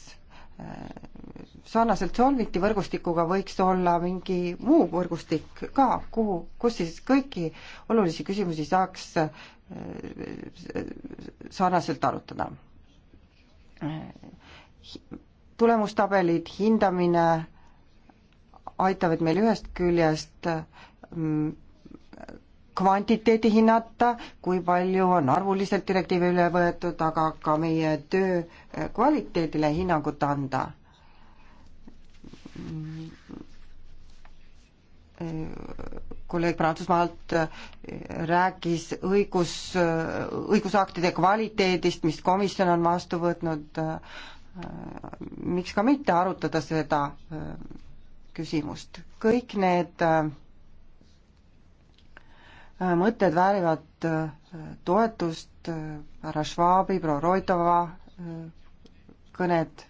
S3: Äh, sarnaselt Solviti võrgustikuga võiks olla mingi muu võrgustik ka, kuhu, kus siis kõiki olulisi küsimusi saaks äh, sarnaselt arutada. Äh, tulemustabelid, hindamine aitavad meil ühest küljest mm, kvantiteeti hinnata, kui palju on arvuliselt direktiivi üle võetud, aga ka meie töö eh, kvaliteedile hinnangut anda. Eh, kolleeg Prantsusmaalt eh, rääkis õigus, õigusaktide kvaliteedist, mis komisjon on vastu võtnud. miks ka mitte arutada seda küsimust, kõik need äh, Äh, mõtted väärivad äh, toetust, äh, härra Schwabi, proua Roitova kõned.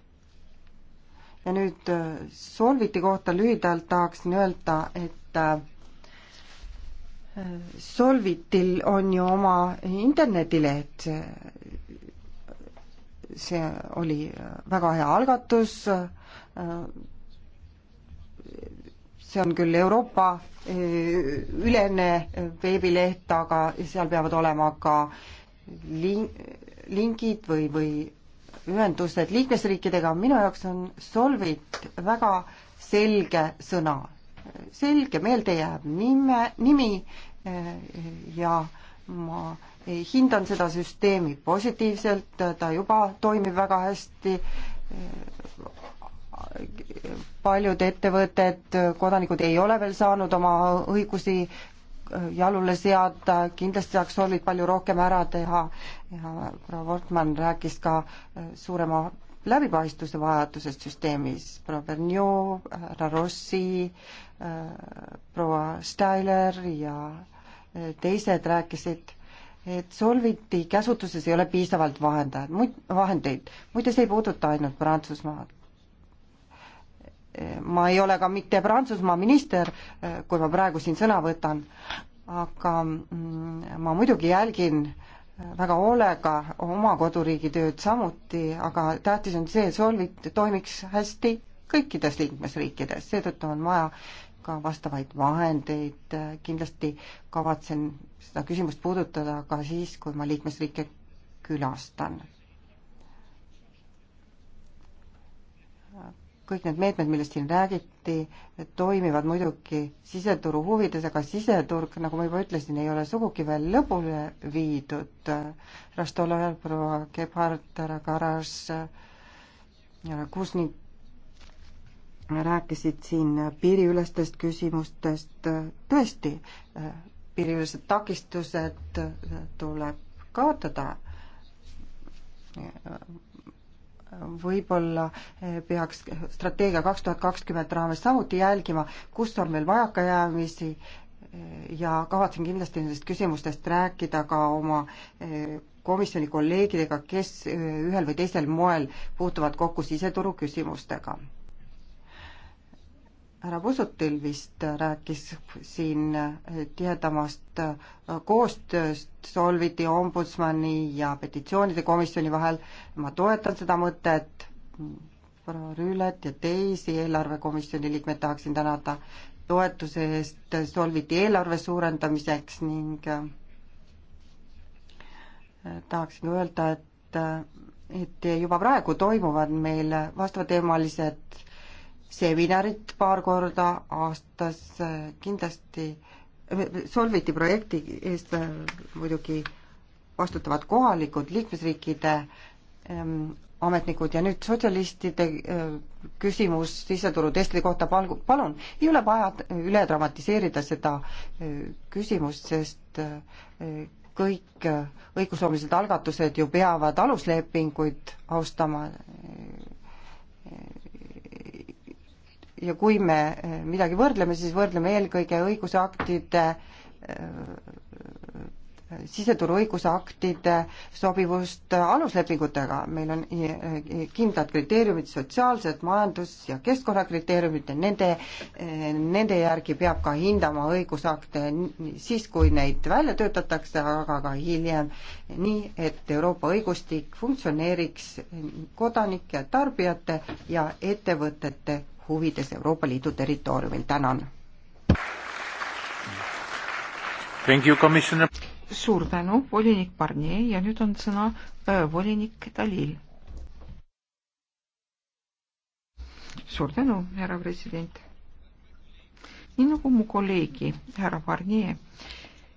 S3: ja nüüd Solviti kohta lühidalt tahaksin öelda, et Solvitil on ju oma internetileht, see oli väga hea algatus, see on küll Euroopa eh, ülene veebileht, aga seal peavad olema ka lin-, lingid või, või ühendused liikmesriikidega, minu jaoks on Solvit väga selge sõna. selge, meelde jääb nime, nimi eh, ja ma hindan seda süsteemi positiivselt, ta juba toimib väga hästi, eh, paljud ettevõtted, kodanikud ei ole veel saanud oma õigusi jalule seada, kindlasti saaks Solvit palju rohkem ära teha ja proua Wortmann rääkis ka äh, suurema läbipaistvuse vajadusest süsteemis, proua Verniu, härra Rossi, äh, proua Steiler ja äh, teised rääkisid, et Solviti käsutuses ei ole piisavalt vahendajaid, muid vahendeid, muide see ei puuduta ainult Prantsusmaad ma ei ole ka mitte Prantsusmaa minister, kui ma praegu siin sõna võtan, aga mm, ma muidugi jälgin väga hoolega oma koduriigi tööd samuti, aga tähtis on see, Solvit toimiks hästi kõikides liikmesriikides, seetõttu on vaja ka vastavaid vahendeid, kindlasti kavatsen seda küsimust puudutada ka siis, kui ma liikmesriike külastan kõik need meetmed, millest siin räägiti, toimivad muidugi siseturu huvides, aga siseturg, nagu ma juba ütlesin, ei ole sugugi veel lõpule viidud. Rastolajal proua Gebhard, härra Karas, härra Kusnik rääkisid siin piiriülestest küsimustest, tõesti, piiriülesed takistused tuleb kaotada võib-olla eh, peaks strateegia kaks tuhat kakskümmend raames samuti jälgima, kus on meil vajakajäämisi eh, ja kavatsen kindlasti nendest küsimustest rääkida ka oma eh, komisjoni kolleegidega, kes ühel või teisel moel puutuvad kokku siseturu küsimustega härra Pusutil vist rääkis siin tihedamast äh, koostööst Solviti ombudsmani ja petitsioonide komisjoni vahel. ma toetan seda mõtet. proua Rüület ja teisi eelarvekomisjoni liikmeid tahaksin tänada toetuse eest Solviti eelarve suurendamiseks ning äh, tahaksin öelda, et, äh, et juba praegu toimuvad meil vastavateemalised seminarit paar korda aastas äh, kindlasti, äh, Solviti projekti eest äh, muidugi vastutavad kohalikud liikmesriikide ähm, ametnikud ja nüüd sotsialistide küsimus siseturutestide kohta, palun, ei ole vaja üle dramatiseerida seda küsimust, sest kõik õigusloomelised algatused ju peavad aluslepinguid austama ja kui me eh, midagi võrdleme, siis võrdleme eelkõige õigusaktide eh, siseturu õigusaktide sobivust aluslepingutega, meil on eh, kindlad kriteeriumid, sotsiaalsed, majandus- ja keskkonnakriteeriumid ja nende, nende järgi peab ka hindama õigusakte siis, kui neid välja töötatakse, aga ka hiljem, nii et Euroopa õigustik funktsioneeriks kodanike, tarbijate ja ettevõtete
S1: huvides Euroopa Liidu territooriumil, tänan. suur tänu, volinik Barnier ja nüüd on sõna äh, volinik Dalil. suur tänu, härra president. nii nagu mu kolleegi härra Barnier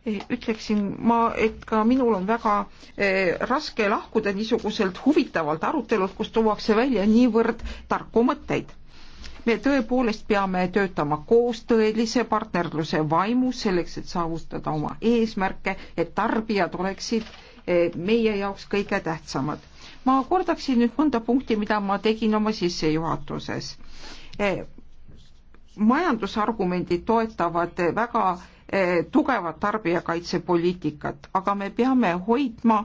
S1: e, ütleksin ma, et ka minul on väga e, raske lahkuda niisuguselt huvitavalt arutelult, kus tuuakse välja niivõrd tarku mõtteid me tõepoolest peame töötama koos tõelise partnerluse vaimus selleks, et saavutada oma eesmärke, et tarbijad oleksid eh, meie jaoks kõige tähtsamad. ma kordaksin nüüd mõnda punkti, mida ma tegin oma sissejuhatuses. Eh, majandusargumendid toetavad eh, väga tugevat tarbijakaitsepoliitikat, aga me peame hoidma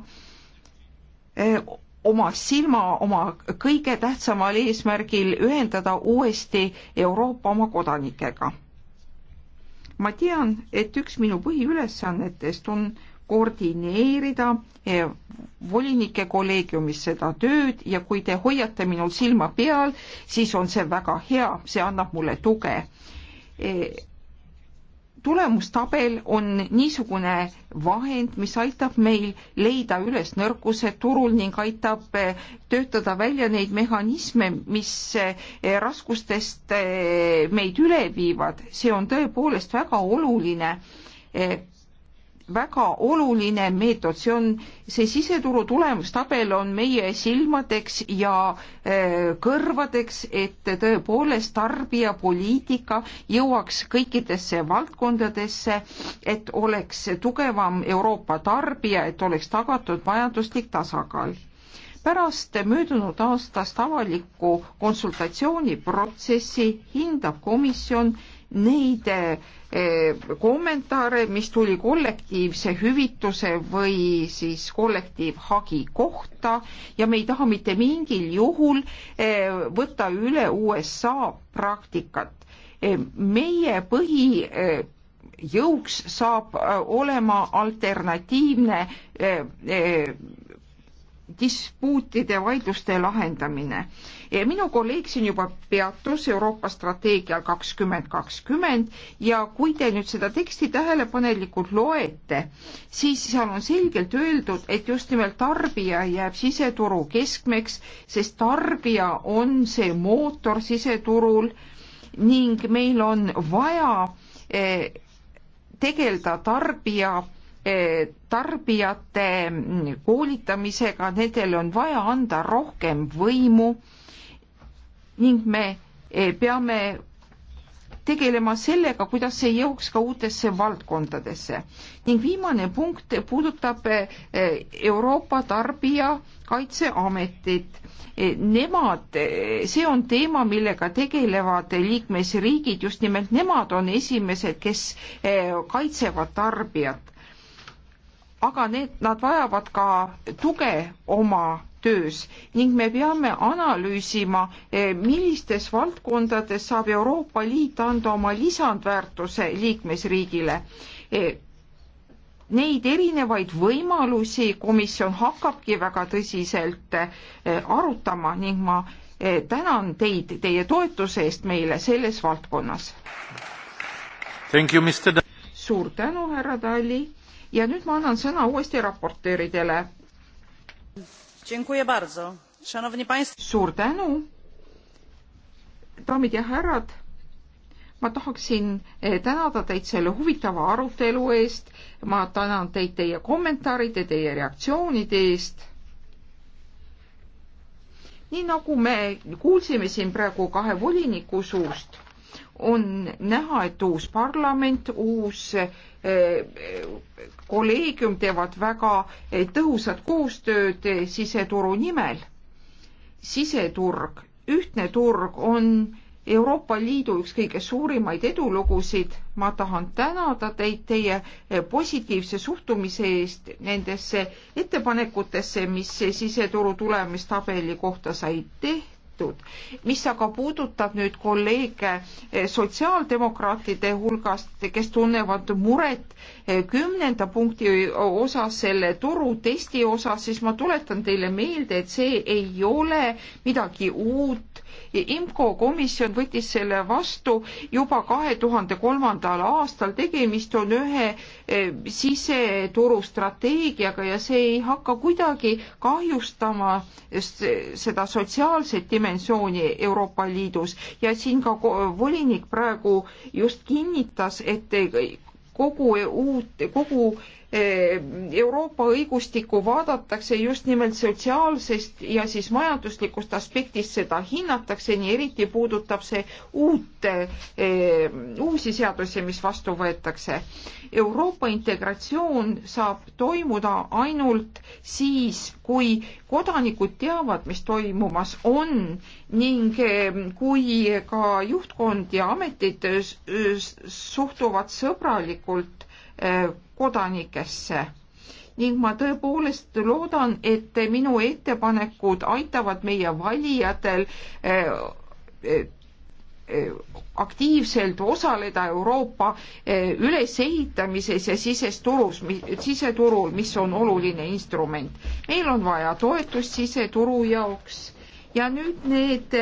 S1: oma silma oma kõige tähtsamal eesmärgil ühendada uuesti Euroopa oma kodanikega. ma tean, et üks minu põhiülesannetest on koordineerida eh, volinike kolleegiumis seda tööd ja kui te hoiate minul silma peal, siis on see väga hea, see annab mulle tuge eh, tulemustabel on niisugune vahend, mis aitab meil leida üles nõrkused turul ning aitab eh, töötada välja neid mehhanisme, mis eh, raskustest eh, meid üle viivad. see on tõepoolest väga oluline väga oluline meetod, see on, see siseturu tulemustabel on meie silmadeks ja äh, kõrvadeks, et tõepoolest tarbijapoliitika jõuaks kõikidesse valdkondadesse, et oleks tugevam Euroopa tarbija, et oleks tagatud majanduslik tasakaal pärast möödunud aastast avalikku konsultatsiooniprotsessi hindab komisjon neid eh, kommentaare, mis tuli kollektiivse hüvituse või siis kollektiivhagi kohta ja me ei taha mitte mingil juhul eh, võtta üle USA praktikat. Eh, meie põhi jõuks saab olema alternatiivne dispuutide vaidluste lahendamine minu kolleeg siin juba peatus Euroopa strateegial kakskümmend kakskümmend ja kui te nüüd seda teksti tähelepanelikult loete, siis seal on selgelt öeldud, et just nimelt tarbija jääb siseturu keskmeks, sest tarbija on see mootor siseturul ning meil on vaja eh, tegeleda tarbija eh, tarbijate mm, koolitamisega, nendel on vaja anda rohkem võimu ning me eh, peame tegelema sellega, kuidas see jõuaks ka uutesse valdkondadesse. ning viimane punkt puudutab eh, Euroopa Tarbijakaitseametit. Eh, nemad, see on teema, millega tegelevad liikmesriigid, just nimelt nemad on esimesed, kes kaitsevad tarbijat. aga need, nad vajavad ka tuge oma töös ning me peame analüüsima, eh, millistes valdkondades saab Euroopa Liit anda oma lisandväärtuse liikmesriigile. Eh, neid erinevaid võimalusi komisjon hakkabki väga tõsiselt eh, arutama ning ma tänan teid teie toetuse eest meile selles valdkonnas. suur tänu, härra Tali ja nüüd ma annan sõna uuesti raportööridele suur tänu, daamid ja härrad. ma tahaksin eh, tänada teid selle huvitava arutelu eest. ma tänan teid teie kommentaaride, teie reaktsioonide eest nii nagu me kuulsime siin praegu kahe voliniku suust, on näha, et uus parlament, uus eh, kolleegium teevad väga eh, tõhusat koostööd eh, siseturu nimel. siseturg, ühtne turg on Euroopa Liidu üks kõige suurimaid edulugusid. ma tahan tänada teid teie positiivse suhtumise eest nendesse ettepanekutesse, mis siseturu tulemistabeli kohta said tehtud tehtud. mis aga puudutab nüüd kolleege eh, sotsiaaldemokraatide hulgast, kes tunnevad muret eh, kümnenda punkti osas, selle turutesti osas, siis ma tuletan teile meelde, et see ei ole midagi uut, IMCO komisjon võttis selle vastu juba kahe tuhande kolmandal aastal. tegemist on ühe eh, siseturu strateegiaga ja see ei hakka kuidagi kahjustama seda sotsiaalset dimensiooni Euroopa Liidus ja siin ka volinik praegu just kinnitas, et kogu e-, uut, kogu Eh, Euroopa õigustikku vaadatakse just nimelt sotsiaalsest ja siis majanduslikust aspektist seda hinnatakse, nii eriti puudutab see uut, eh, uusi seadusi, mis vastu võetakse. Euroopa integratsioon saab toimuda ainult siis, kui kodanikud teavad, mis toimumas on ning eh, kui ka juhtkond ja ametid suhtuvad sõbralikult Äh, kodanikesse ning ma tõepoolest loodan, et minu ettepanekud aitavad meie valijatel äh, äh, aktiivselt osaleda Euroopa ülesehitamises ja siseturus, siseturul, mis on oluline instrument. meil on vaja toetust siseturu jaoks ja nüüd need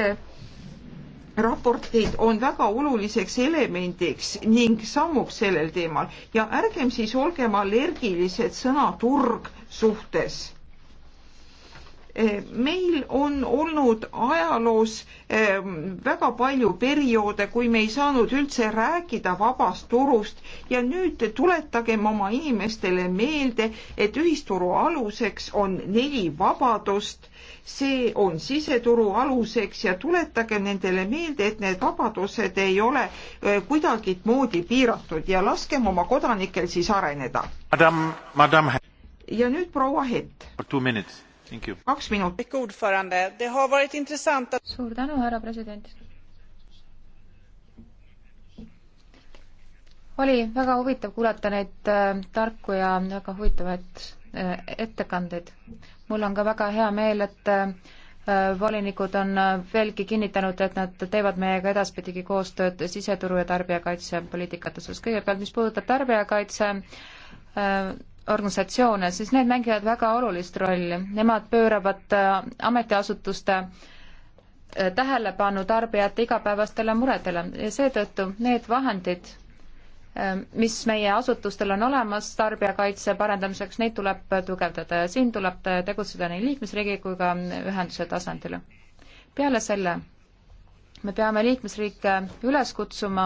S1: raportid on väga oluliseks elemendiks ning sammuks sellel teemal ja ärgem siis olgem allergilised sõna turg suhtes. Eh, meil on olnud ajaloos eh, väga palju perioode, kui me ei saanud üldse rääkida vabast turust ja nüüd tuletagem oma inimestele meelde, et ühisturu aluseks on neli vabadust see on siseturu aluseks ja tuletage nendele meelde, et need vabadused ei ole äh, kuidagimoodi piiratud ja laskem oma kodanikel siis areneda. ja nüüd proua Hett. kaks minutit. suur tänu, härra president.
S2: oli väga huvitav kuulata neid äh, tarku ja väga huvitavaid äh, ettekandeid mul on ka väga hea meel, et äh, volinikud on äh, veelgi kinnitanud, et nad teevad meiega edaspidigi koostööd siseturu ja tarbijakaitsepoliitikate osas. kõigepealt, mis puudutab tarbijakaitse äh, organisatsioone, siis need mängivad väga olulist rolli, nemad pööravad ametiasutuste tähelepanu tarbijate igapäevastele muredele ja seetõttu need vahendid, Ehm, mis meie asutustel on olemas tarbijakaitse parendamiseks, neid tuleb tugevdada ja siin tuleb tegutseda nii liikmesriigi kui ka ühenduse tasandil. peale selle me peame liikmesriike üles kutsuma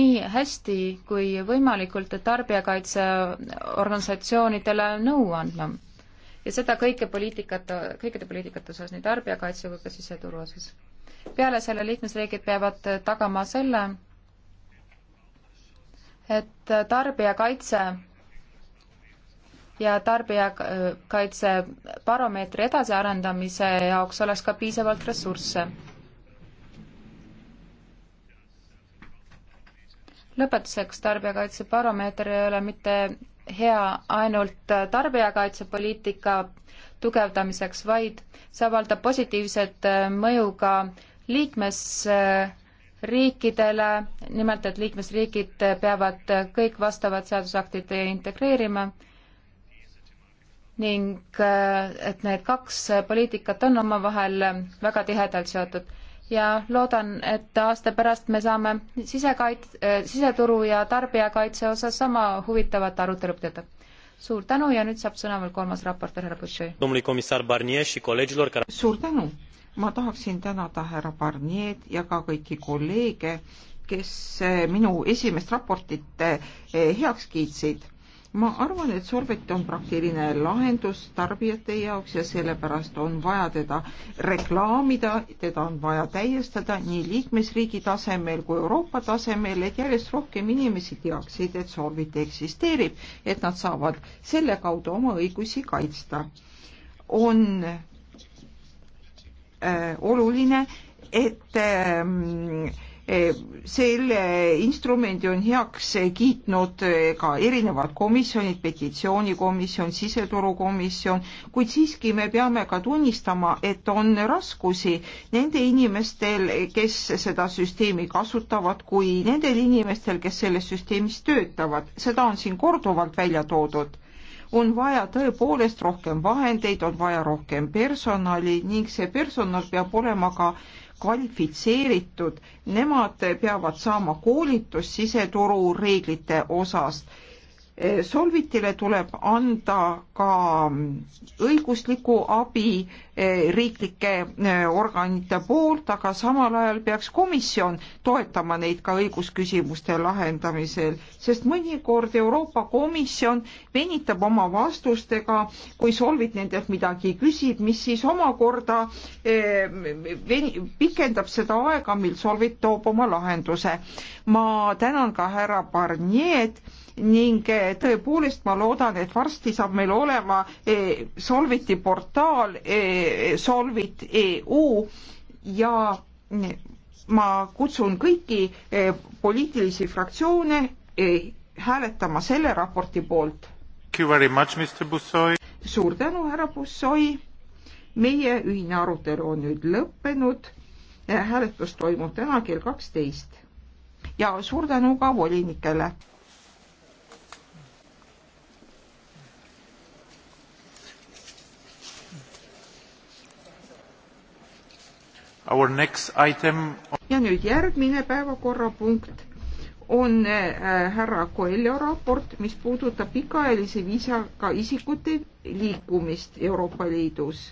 S2: nii hästi kui võimalikult tarbijakaitseorganisatsioonidele nõu andma. ja seda kõike poliitikate, kõikide poliitikate osas, nii tarbijakaitse kui ka siseturu osas. peale selle liikmesriigid peavad tagama selle, et tarbijakaitse ja tarbijakaitse baromeetri edasiarendamise jaoks oleks ka piisavalt ressursse. lõpetuseks, tarbijakaitse baromeeter ei ole mitte hea ainult tarbijakaitsepoliitika tugevdamiseks, vaid see avaldab positiivset mõju ka liikmes riikidele, nimelt et liikmesriigid peavad kõik vastavad seadusaktid integreerima ning et need kaks poliitikat on omavahel väga tihedalt seotud ja loodan, et aasta pärast me saame sisekait-, siseturu ja tarbijakaitse osas sama huvitavat arutelu pidada. suur tänu ja nüüd saab sõna veel kolmas raportöör härra Butšoi.
S1: suur tänu ma tahaksin tänada härra Barnier ja ka kõiki kolleege, kes eh, minu esimest raportit eh, heaks kiitsid. ma arvan, et sorbet on praktiline lahendus tarbijate jaoks ja sellepärast on vaja teda reklaamida, teda on vaja täiestada nii liikmesriigi tasemel kui Euroopa tasemel, et järjest rohkem inimesi teaksid, et sorbit eksisteerib, et nad saavad selle kaudu oma õigusi kaitsta. on Äh, oluline, et äh, äh, selle instrumendi on heaks kiitnud ka erinevad komisjonid, petitsioonikomisjon, siseturukomisjon, kuid siiski me peame ka tunnistama, et on raskusi nende inimestel, kes seda süsteemi kasutavad, kui nendel inimestel, kes selles süsteemis töötavad, seda on siin korduvalt välja toodud on vaja tõepoolest rohkem vahendeid, on vaja rohkem personali ning see personal peab olema ka kvalifitseeritud, nemad peavad saama koolitust siseturu reeglite osas Solvitile tuleb anda ka õiguslikku abi eh, riiklike eh, organite poolt, aga samal ajal peaks komisjon toetama neid ka õigusküsimuste lahendamisel, sest mõnikord Euroopa Komisjon venitab oma vastustega, kui Solvit nendelt midagi küsib, mis siis omakorda eh, pikendab seda aega, mil Solvit toob oma lahenduse. ma tänan ka härra Barnier'd ning eh, tõepoolest ma loodan, et varsti saab meil olema eh, Solviti portaal eh, Solvit EU ja ma kutsun kõiki poliitilisi fraktsioone hääletama selle raporti poolt. suur tänu, härra Bussoi. meie ühine arutelu on nüüd lõppenud. hääletus toimub täna kell kaksteist ja suur tänu ka volinikele. ja nüüd järgmine päevakorrapunkt on äh, härra Coelho raport, mis puudutab pikaajalise viisaga isikute liikumist Euroopa Liidus